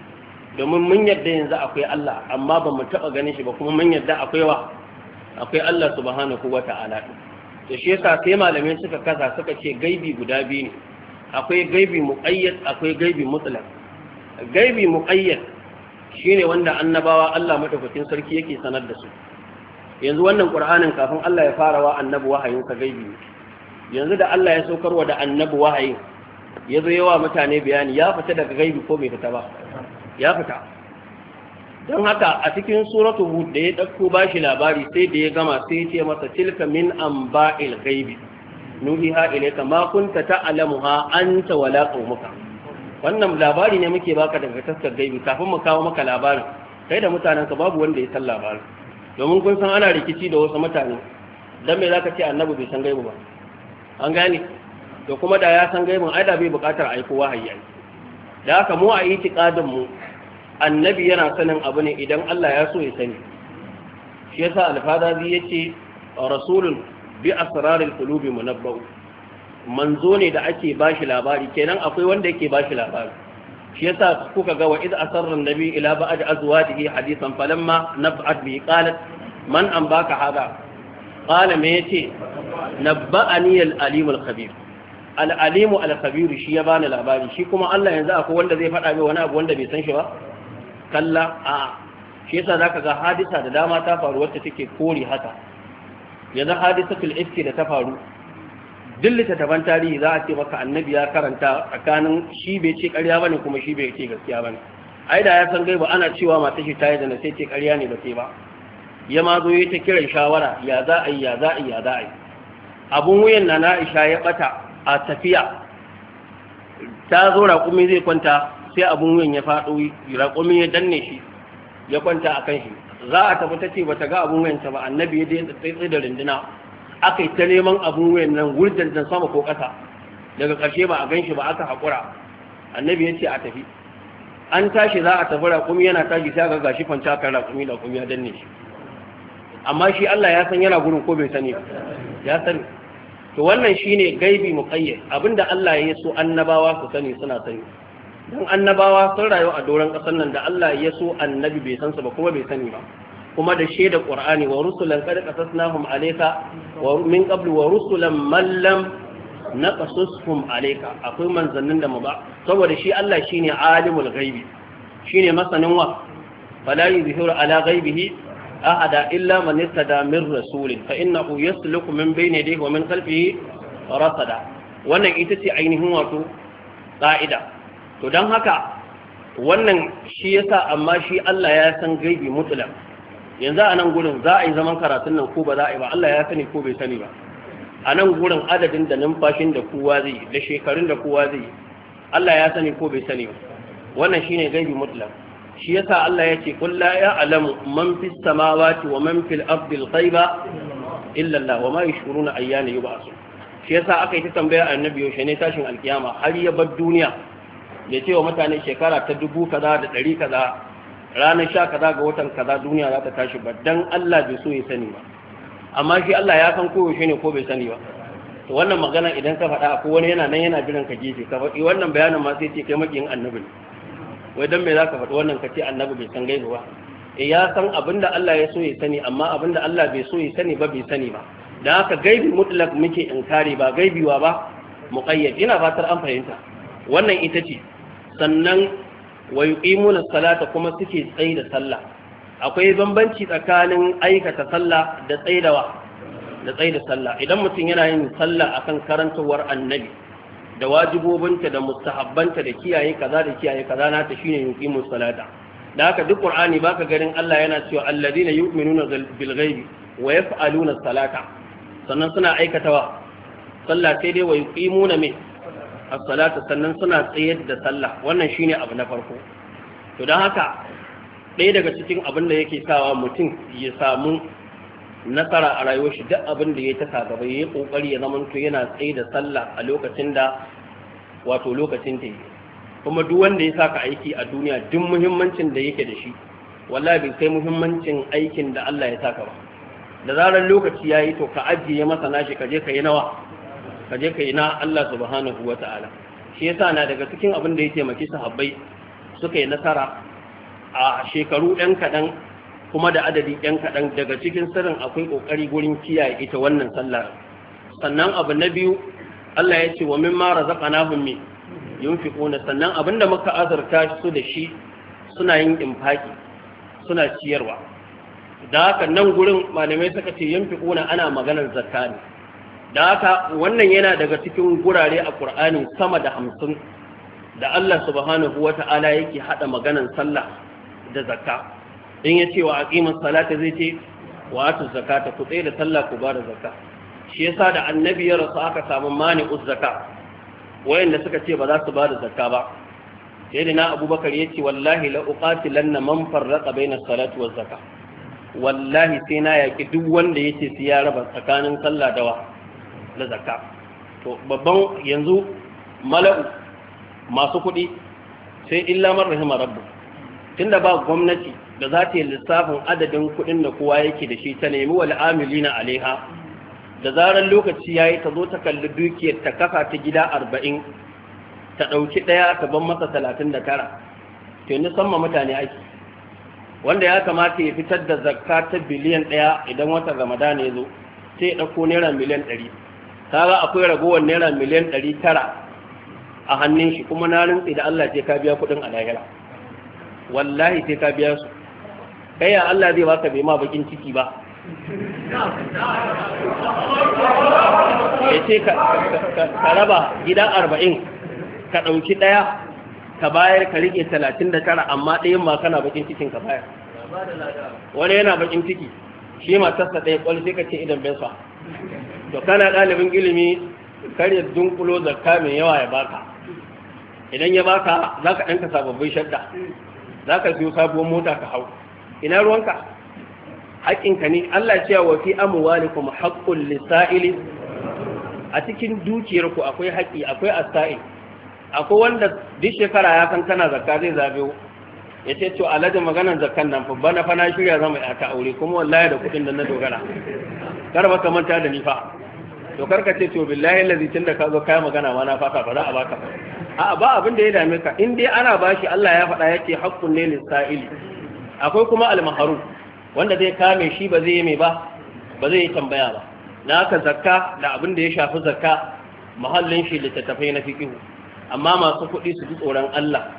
domin mun yadda yanzu akwai Allah amma ba mu taɓa ganin shi ba kuma mun yadda akwai wa akwai Allah subhanahu wa ta'ala to shi yasa sai malamai suka kasa suka ce gaibi guda biyu ne akwai gaibi muqayyad akwai gaibi mutlaq gaibi muqayyad shine wanda annabawa Allah madaukakin sarki yake sanar da su yanzu wannan qur'anin kafin Allah ya fara wa annabi wahayin ka gaibi yanzu da Allah ya saukarwa da annabi wahayin ya zo yawa mutane bayani ya fita daga gaibi ko bai fita ba ya fita don haka a cikin suratu hud da ya ɗauko ba shi labari sai da ya gama sai ce masa tilka min amba'il ghaibi nuhiha ilayka ma kunta an ta wala qaumuka wannan labari ne muke baka daga taskar gaibi kafin mu kawo maka labarin kai da mutanen ka babu wanda ya san labarin domin kun san ana rikici da wasu mutane dan me zaka ce annabi bai san gaibi ba an gane da kuma da ya san gaibin ai da bai bukatar aiko wahayi da haka mu a yi itiqadin mu annabi yana sanin abu ne idan Allah ya so ya sani shi yasa alfadazi yace rasulun bi asraril qulubi munabbau manzo ne da ake bashi labari kenan akwai wanda yake bashi labari shi yasa kuka ga wa idh asarra annabi ila ba'd azwajihi hadisan falamma nab'at bi qalat man an baka hada qala me yace nabba'ani al-alim al-khabir al-alim al-khabir shi ya bani labari shi kuma Allah yanzu akwai wanda zai faɗa mai wani abu wanda bai san shi ba kalla a shi yasa zaka ga hadisa da dama ta faru wacce take kore haka yanzu hadisatul iski da ta faru ta littattafan tarihi za a ce maka annabi ya karanta tsakanin shi bai ce ƙarya bane kuma shi bai ce gaskiya bane ai da ya san gaiba ana cewa mata shi ta yi da sai ce ƙarya ne ba sai ba ya ma zo ta kiran shawara ya za a yi ya za a yi ya za a yi abun wuyan na Aisha ya bata a tafiya ta zo raƙumi zai kwanta sai abun wuyan ya faɗo raƙumin ya danne shi ya kwanta a kan shi za a tafi ta ce ba ta ga abun ta ba annabi ya tsaitsai da rinduna aka yi ta neman abun wuyan nan wurdan dan sama ko ƙasa daga ƙarshe ba a gan shi ba aka haƙura annabi ya ce a tafi an tashi za a tafi raƙumi yana tashi sai ga gashi kwanta kan raƙumi raƙumi ya danne shi amma shi Allah ya san yana gurin ko bai sani ya sani to wannan shine gaibi muqayyad abinda Allah ya so annabawa su sani suna sani Don annabawa sun rayu a doron ƙasar nan da Allah ya so annabi bai san su ba kuma bai sani ba kuma da shaida qur'ani wa rusulan qad qasasnahum alayka wa min qablu wa rusulan man lam naqasushum alayka akwai manzannin da mu ba saboda shi Allah shine alimul ghaibi shine masanin wa fala yuzhiru ala ghaibihi ahada illa man istada min rasulin fa innahu yasluku min bayni yadayhi wa min khalfihi rasada wannan ita ce ainihin wato ƙa'ida to don haka wannan shi yasa amma shi Allah ya san gaibi mutlaq yanzu a nan gurin za a yi zaman karatun nan ko ba za a yi ba Allah ya sani ko bai sani ba a nan gurin adadin da numfashin da kowa zai da shekarun da kowa zai Allah ya sani ko bai sani ba wannan shine gaibi mutlaq shi yasa Allah ya ce qul la ya'lamu man fis samawati wa man fil ardi al-ghaiba illa Allah wa ma yashuruna ayyana yub'asu shi yasa aka yi ta tambaya annabi yaushe ne tashin alkiyama har ya bar duniya ya ce wa mutane shekara ta dubu kaza da ɗari kaza ranar sha kaza ga watan kaza duniya za ta tashi ba Don Allah bai so ya sani ba amma shi Allah ya san koyaushe ne ko bai sani ba to wannan magana idan ka faɗa ko wani yana nan yana jiran ka gefe ka faɗi wannan bayanin ma sai ce kai makiyin annabi ne wai don me za ka faɗi wannan ka ce annabi bai san gaibu ba eh, ya san abinda Allah ya so ya sani amma abinda Allah bai so ya sani ba bai sani ba da haka gaibi mutlak muke inkari ba gaibiwa ba muqayyad ina fatar an fahimta wannan ita ce sannan wa yuqimuna salata kuma suke tsayi da sallah akwai bambanci tsakanin aikata sallah da tsaidawa da tsaida sallah idan mutum yana yin sallah akan karantawar annabi da wajibobinta da mustahabbanta da kiyaye kaza da kiyaye kaza na ta shine yuqimus salata da haka duk qur'ani baka garin Allah yana cewa alladina yu'minuna bil ghaibi wa yaf'aluna salata sannan suna aikatawa sallah sai dai wa yuqimuna min as-salata sannan suna tsayar da sallah wannan shine abu na farko to don haka ɗaya daga cikin abin da yake sawa mutum ya samu nasara a rayuwar shi duk abin da ya ta gaba yi kokari ya zama to yana tsaye da sallah a lokacin da wato lokacin ta kuma duk wanda ya saka aiki a duniya duk muhimmancin da yake da shi wallahi bai kai muhimmancin aikin da Allah ya saka ba da zarar lokaci yayi to ka ajiye masa nashi ka je ka yi nawa ka je ka ina Allah subhanahu wa ta'ala shi yasa na daga cikin abin da ya taimaki sahabbai suka yi nasara a shekaru ɗan kaɗan kuma da adadi ɗan kaɗan daga cikin sirrin akwai ƙoƙari gurin kiyaye ita wannan sallar sannan abu na biyu Allah ya ce wa min ma razaqnahum min yunfiquna sannan abinda muka azurta su da shi suna yin infaki suna ciyarwa da haka nan gurin malamai suka ce yunfiquna ana maganar zakka ne da haka wannan yana daga cikin gurare a ƙur'ani sama da hamsin da Allah subhanahu wa ta'ala yake haɗa maganan sallah da zakka in ya ce wa aqimus salata zai ce wa atu zakata ku tsaye da sallah ku ba da zakka shi yasa da annabi ya rasu aka samu mani'uz zakka wayanda suka ce ba za su ba da zakka ba sai na abubakar ya ce wallahi la uqatilanna man farraqa bainas salati waz zakka wallahi sai na yaki duk wanda ce sai ya raba tsakanin sallah da wa na zakka to babban yanzu mala'u masu kuɗi sai illa man rahima rabbu tunda ba gwamnati da za ta yi lissafin adadin kuɗin da kowa yake da shi ta nemi wal amilina alaiha da zarar lokaci yayi ta zo ta kalli dukiyar ta kafa ta gida arba'in ta ɗauki ɗaya ta ban masa talatin da tara to ni ma mutane aiki wanda ya kamata ya fitar da zakka ta biliyan ɗaya idan watan ramadana ya zo sai ya ɗauko naira miliyan ɗari kaga akwai ragowar naira miliyan ɗari tara a hannun shi kuma na rintsi da Allah ce ka biya kuɗin a lahira wallahi sai ka biya su kai ya Allah zai baka bai ma bakin ciki ba ya ce ka raba gida arba'in ka ɗauki ɗaya ka bayar ka riƙe talatin da tara amma ɗayan ma kana bakin cikin ka bayar wani yana bakin ciki shi matarsa ɗaya ƙwal sai ka ce idan bensa to kana ɗalibin ilimi karya dunkulo zakka mai yawa ya baka idan ya baka za ka ɗanka sababbin shadda za ka siyo sabuwar mota ka hau ina ruwanka haƙƙinka ne Allah cewa wa fi kuma haƙƙun lissa'ili a cikin dukiyarku akwai haƙƙi akwai asa'il akwai wanda duk shekara ya san tana zakka zai zabe ya ce to alhaji maganar zakkan nan fubba na fa shirya zama ya ta aure kuma wallahi da kuɗin da na dogara kar ba ka manta da ni fa to karka ce to billahi allazi tunda ka zo kai magana ma na faka ba za a baka ba a'a ba abin da ya dame ka in dai ana bashi Allah ya faɗa yake haqqun ne lisa'ili akwai kuma al wanda zai kame shi ba zai yi mai ba ba zai yi tambaya ba na ka zakka da abin da ya shafi zakka mahallin shi littattafai na ihu. amma masu kuɗi su ji tsoron Allah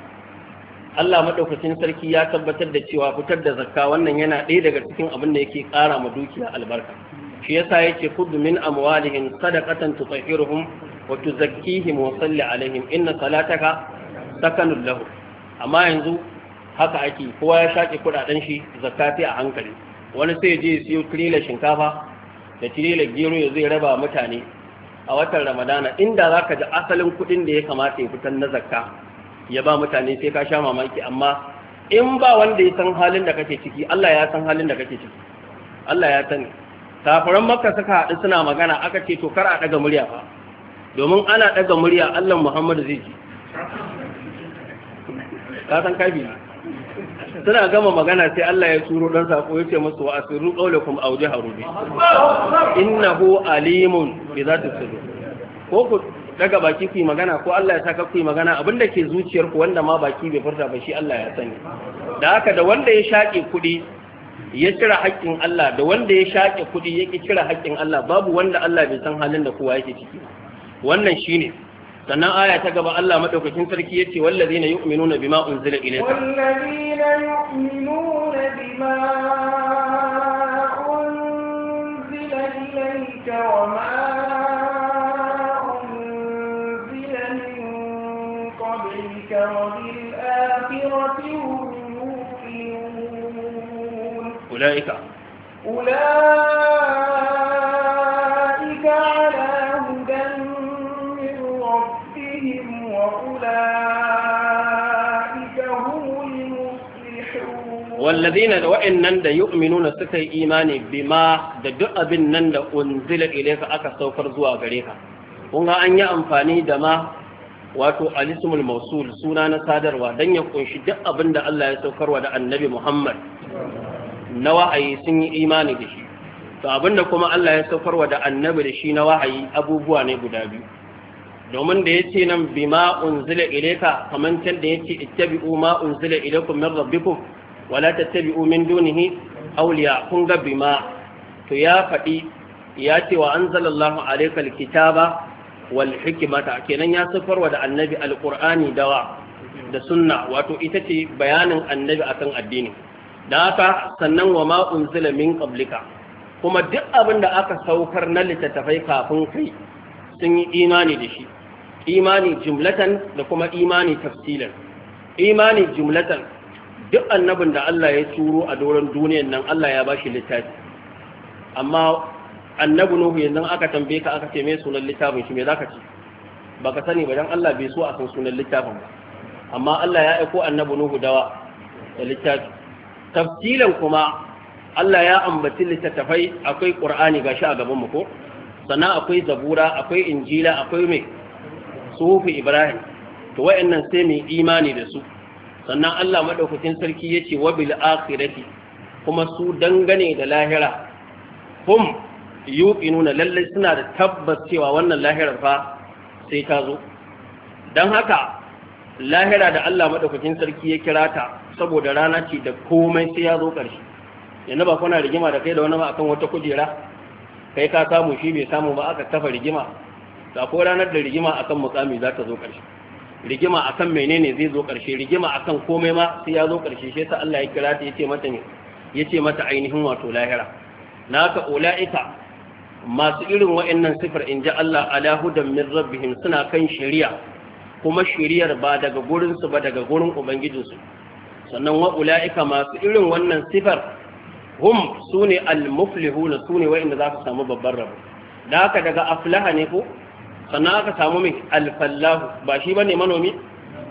Allah madaukakin sarki ya tabbatar da cewa fitar da zakka wannan yana ɗaya daga cikin abin da yake ƙara ma dukiya albarka shi yasa yake khudh min amwalihim sadaqatan tutahhiruhum wa tuzakkihim wa salli alaihim inna salataka sakanun lahu amma yanzu haka ake kowa ya shaƙe kudaden shi zakati a hankali wani sai je ya siyo tirela shinkafa da tirela gero ya zai raba mutane a watan ramadana inda za ka ji asalin kuɗin da ya kamata ya fitar na zakka ya ba mutane sai ka sha mamaki amma in ba wanda ya san halin da kake ciki Allah ya san halin da kake ciki Allah ya sani kafiran makka suka haɗu suna magana aka ce to kar a ɗaga murya fa domin ana ɗaga murya allah muhammadu zai ji ka san kafi suna gama magana sai Allah ya turo dan sako ya ce musu wa asirru qawlakum aw jaharu bi innahu alimun bi zati sudur ko ku daga baki ku magana ko Allah ya saka ku magana abinda ke zuciyar ku wanda ma baki bai furta ba shi Allah ya sani da haka da wanda ya shaƙe kuɗi ya cire haƙƙin Allah da wanda ya shaƙe kuɗi yake cire haƙƙin Allah babu wanda Allah bai san halin da kowa yake ciki wannan shine sannan aya ta gaba Allah madaukakin sarki yace wallazina yu'minuna bima unzila ilayka wallazina yu'minuna bima ulaika ulaika ala hudan min rabbihim wa ulaika humul muflihun walladhina da wa'annan da yu'minuna suka yi imani bima da duk nan da unzila ilayka aka saukar zuwa gare ka kun an yi amfani da ma wato alismul mausul suna na sadarwa don ya ƙunshi duk abin da Allah ya saukarwa da annabi Muhammad na wa'ayi sun yi imani da shi to abinda kuma Allah ya saukarwa da annabi da shi na wa'ayi abubuwa ne guda biyu domin da yace nan bima unzila ilayka kaman tan da yace ittabi'u ma unzila ilaykum min rabbikum wala tattabi'u min dunihi awliya kun ga bima to ya faɗi ya ce wa anzalallahu alayka alkitaba wal hikmata kenan ya saukarwa da annabi alqur'ani dawa da sunna wato ita ce bayanin annabi akan addini da haka sannan wa ma unzila min qablika kuma duk abin da aka saukar na littattafai kafin kai sun yi imani da shi imani jumlatan da kuma imani tafsilan imani jumlatan duk annabin da Allah ya turo a doron duniyar nan Allah ya bashi littafi amma annabi Nuhu yanzu aka tambaye ka aka ce me sunan littafin shi me zaka ce baka sani ba dan Allah bai so a san sunan littafin ba amma Allah ya aiko annabi Nuhu dawa da littafi tafsilan kuma Allah ya ambaci littattafai akwai ƙur'ani ga gashi a gaban mu ko sannan akwai Zabura akwai Injila akwai mai Sufi Ibrahim to wayannan sai mai imani da su sannan Allah madaukakin sarki yace wa bil akhirati kuma su dangane da lahira hum yuqinuna lalle suna da tabbas cewa wannan lahirar fa sai ta zo dan haka lahira da Allah madaukakin sarki ya kira ta saboda rana ce da komai sai ya zo ƙarshe yanzu ba kuna rigima da kai da wani ba akan wata kujera kai ka samu shi bai samu ba aka kafa rigima da ko ranar da rigima akan mukami za ta zo ƙarshe rigima akan menene zai zo ƙarshe rigima akan komai ma sai ya zo ƙarshe shi ta Allah ya kira ta yace mata ne yace mata ainihin wato lahira naka ulaika masu irin wa'annan sifar in ji Allah ala hudan min rabbihim suna kan shari'a kuma shari'ar ba daga gurinsu ba daga gurin ubangijinsu sannan wa ula'ika masu irin wannan sifar hum sune al muflihu su sune wa'inda za ka samu babban rabo da haka daga aflaha ne ko sannan aka samu mai alfallahu ba shi bane manomi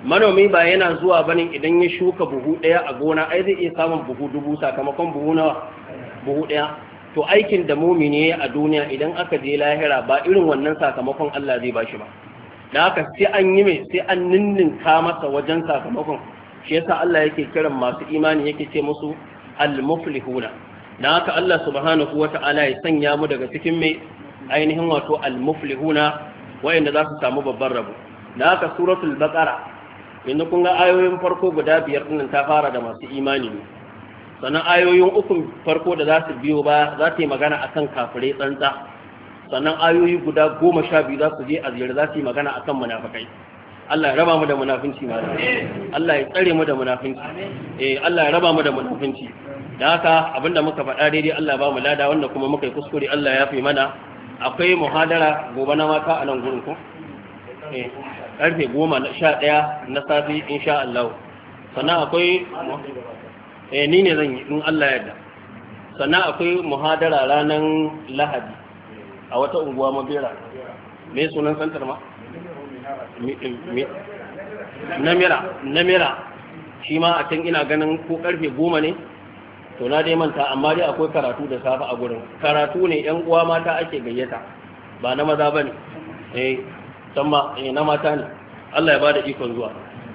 manomi ba yana zuwa bane idan ya shuka buhu ɗaya a gona ai zai iya samun buhu dubu sakamakon buhu nawa buhu daya to aikin da mumini ya a duniya idan aka je lahira ba irin wannan sakamakon Allah zai bashi ba da haka sai an yi mai sai an ninninka masa wajen sakamakon shi yasa Allah yake kiran masu imani yake ce musu al-muflihuna dan haka Allah subhanahu wata'ala ya sanya mu daga cikin mai ainihin wato al-muflihuna wayanda za su samu babban rabo dan haka suratul baqara in kun ga ayoyin farko guda biyar din ta fara da masu imani ne sannan ayoyin uku farko da za su biyo ba za ta yi magana akan kafirai tsantsa sannan ayoyi guda goma sha biyu za su je a ziyar za su yi magana akan munafikai Allah ya raba mu da munafinci ma Allah ya tsare mu da munafinci eh Allah ya raba mu da munafinci da haka abinda muka faɗa daidai Allah ba mu lada wanda kuma muka yi kuskure Allah ya fi mana akwai muhadara gobe na mata a nan gurin ku eh karfe 11 na safi insha Allah sannan akwai eh ni ne zan yi in Allah ya yarda sannan akwai muhadara ranar Lahadi a wata unguwa mabera me sunan santar ma namira namira shi ma a can ina ganin ko karfe goma ne to na dai manta amma dai akwai karatu da safe a gurin karatu ne yan uwa mata ake gayyata ba na maza bane eh san ma eh na mata ne Allah ya bada ikon zuwa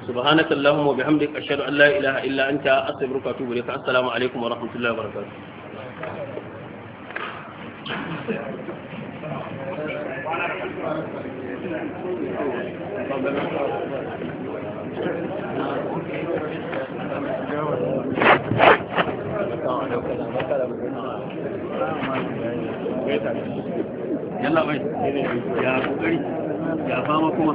subhanaka allahumma wa bihamdika ashhadu an la ilaha illa anta astaghfiruka wa atubu ilaik assalamu alaikum wa rahmatullahi wa barakatuh Thank (laughs) you. yalla bai ya kokari ya fama kuma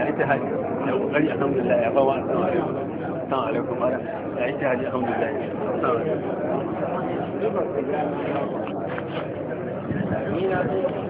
عيتها غني الحمد لله يا بابا السلام عليكم السلام الحمد لله السلام عليكم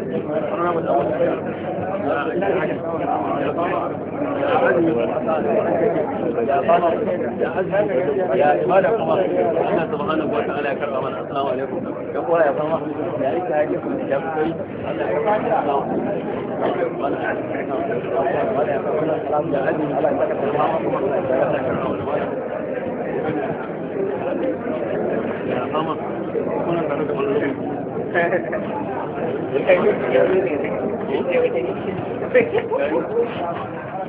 يا إمام الله أنا سبحانه وتعالى كرم السلام عليكم يقول يا سماح يا ريت هاجي يا بكري يا سماح كنا نتكلم عن Peki.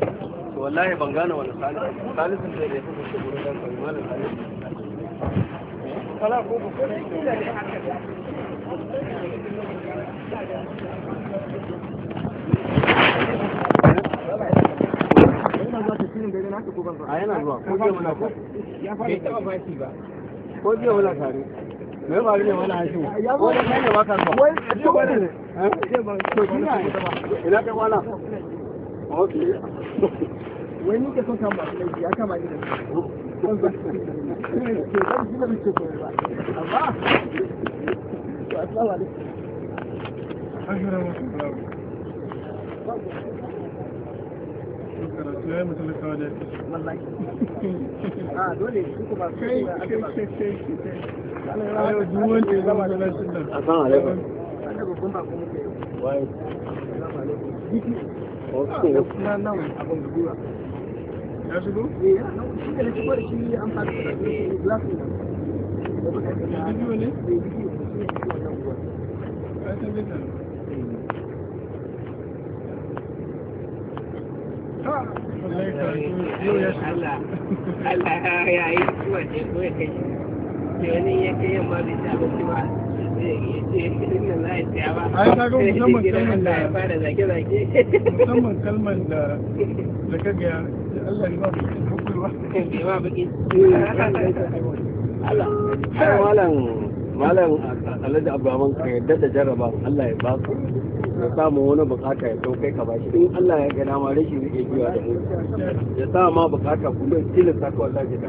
to wallahi ban gane wani salisu salisu da ya fi gurin dan kai salisu kala ko ko a yana zuwa ko ko ya fara ba ko tare me ba ne wani hashi ko da kai ne baka to kina ina wala wani ka so kan Assalamu alaikum. Allah ya yi teku ya kai ke wani ya kai yamma ba ai kaga musamman kalman da musamman kalman da da kaga ya Allah ne ba malam malam alhaji abraman ka yadda da jarraba Allah ya ba ku ya samu wani bukata ya kai kai ka bashi in Allah ya ga ma rashin zai iya biya da mu ya sa ma bukata kuma tilasta ka wallahi ka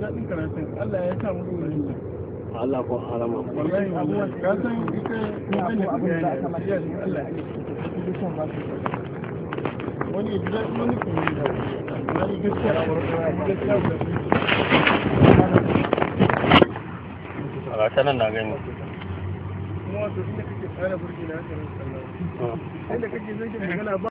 daɗin karatun Allah ya sa Allah ko harama wallahi abuwa ka san ita da yi wani kuma da wani gaskiya gaskiya ga na gani kuma wato inda kake tsara ah. inda kake zai magana ba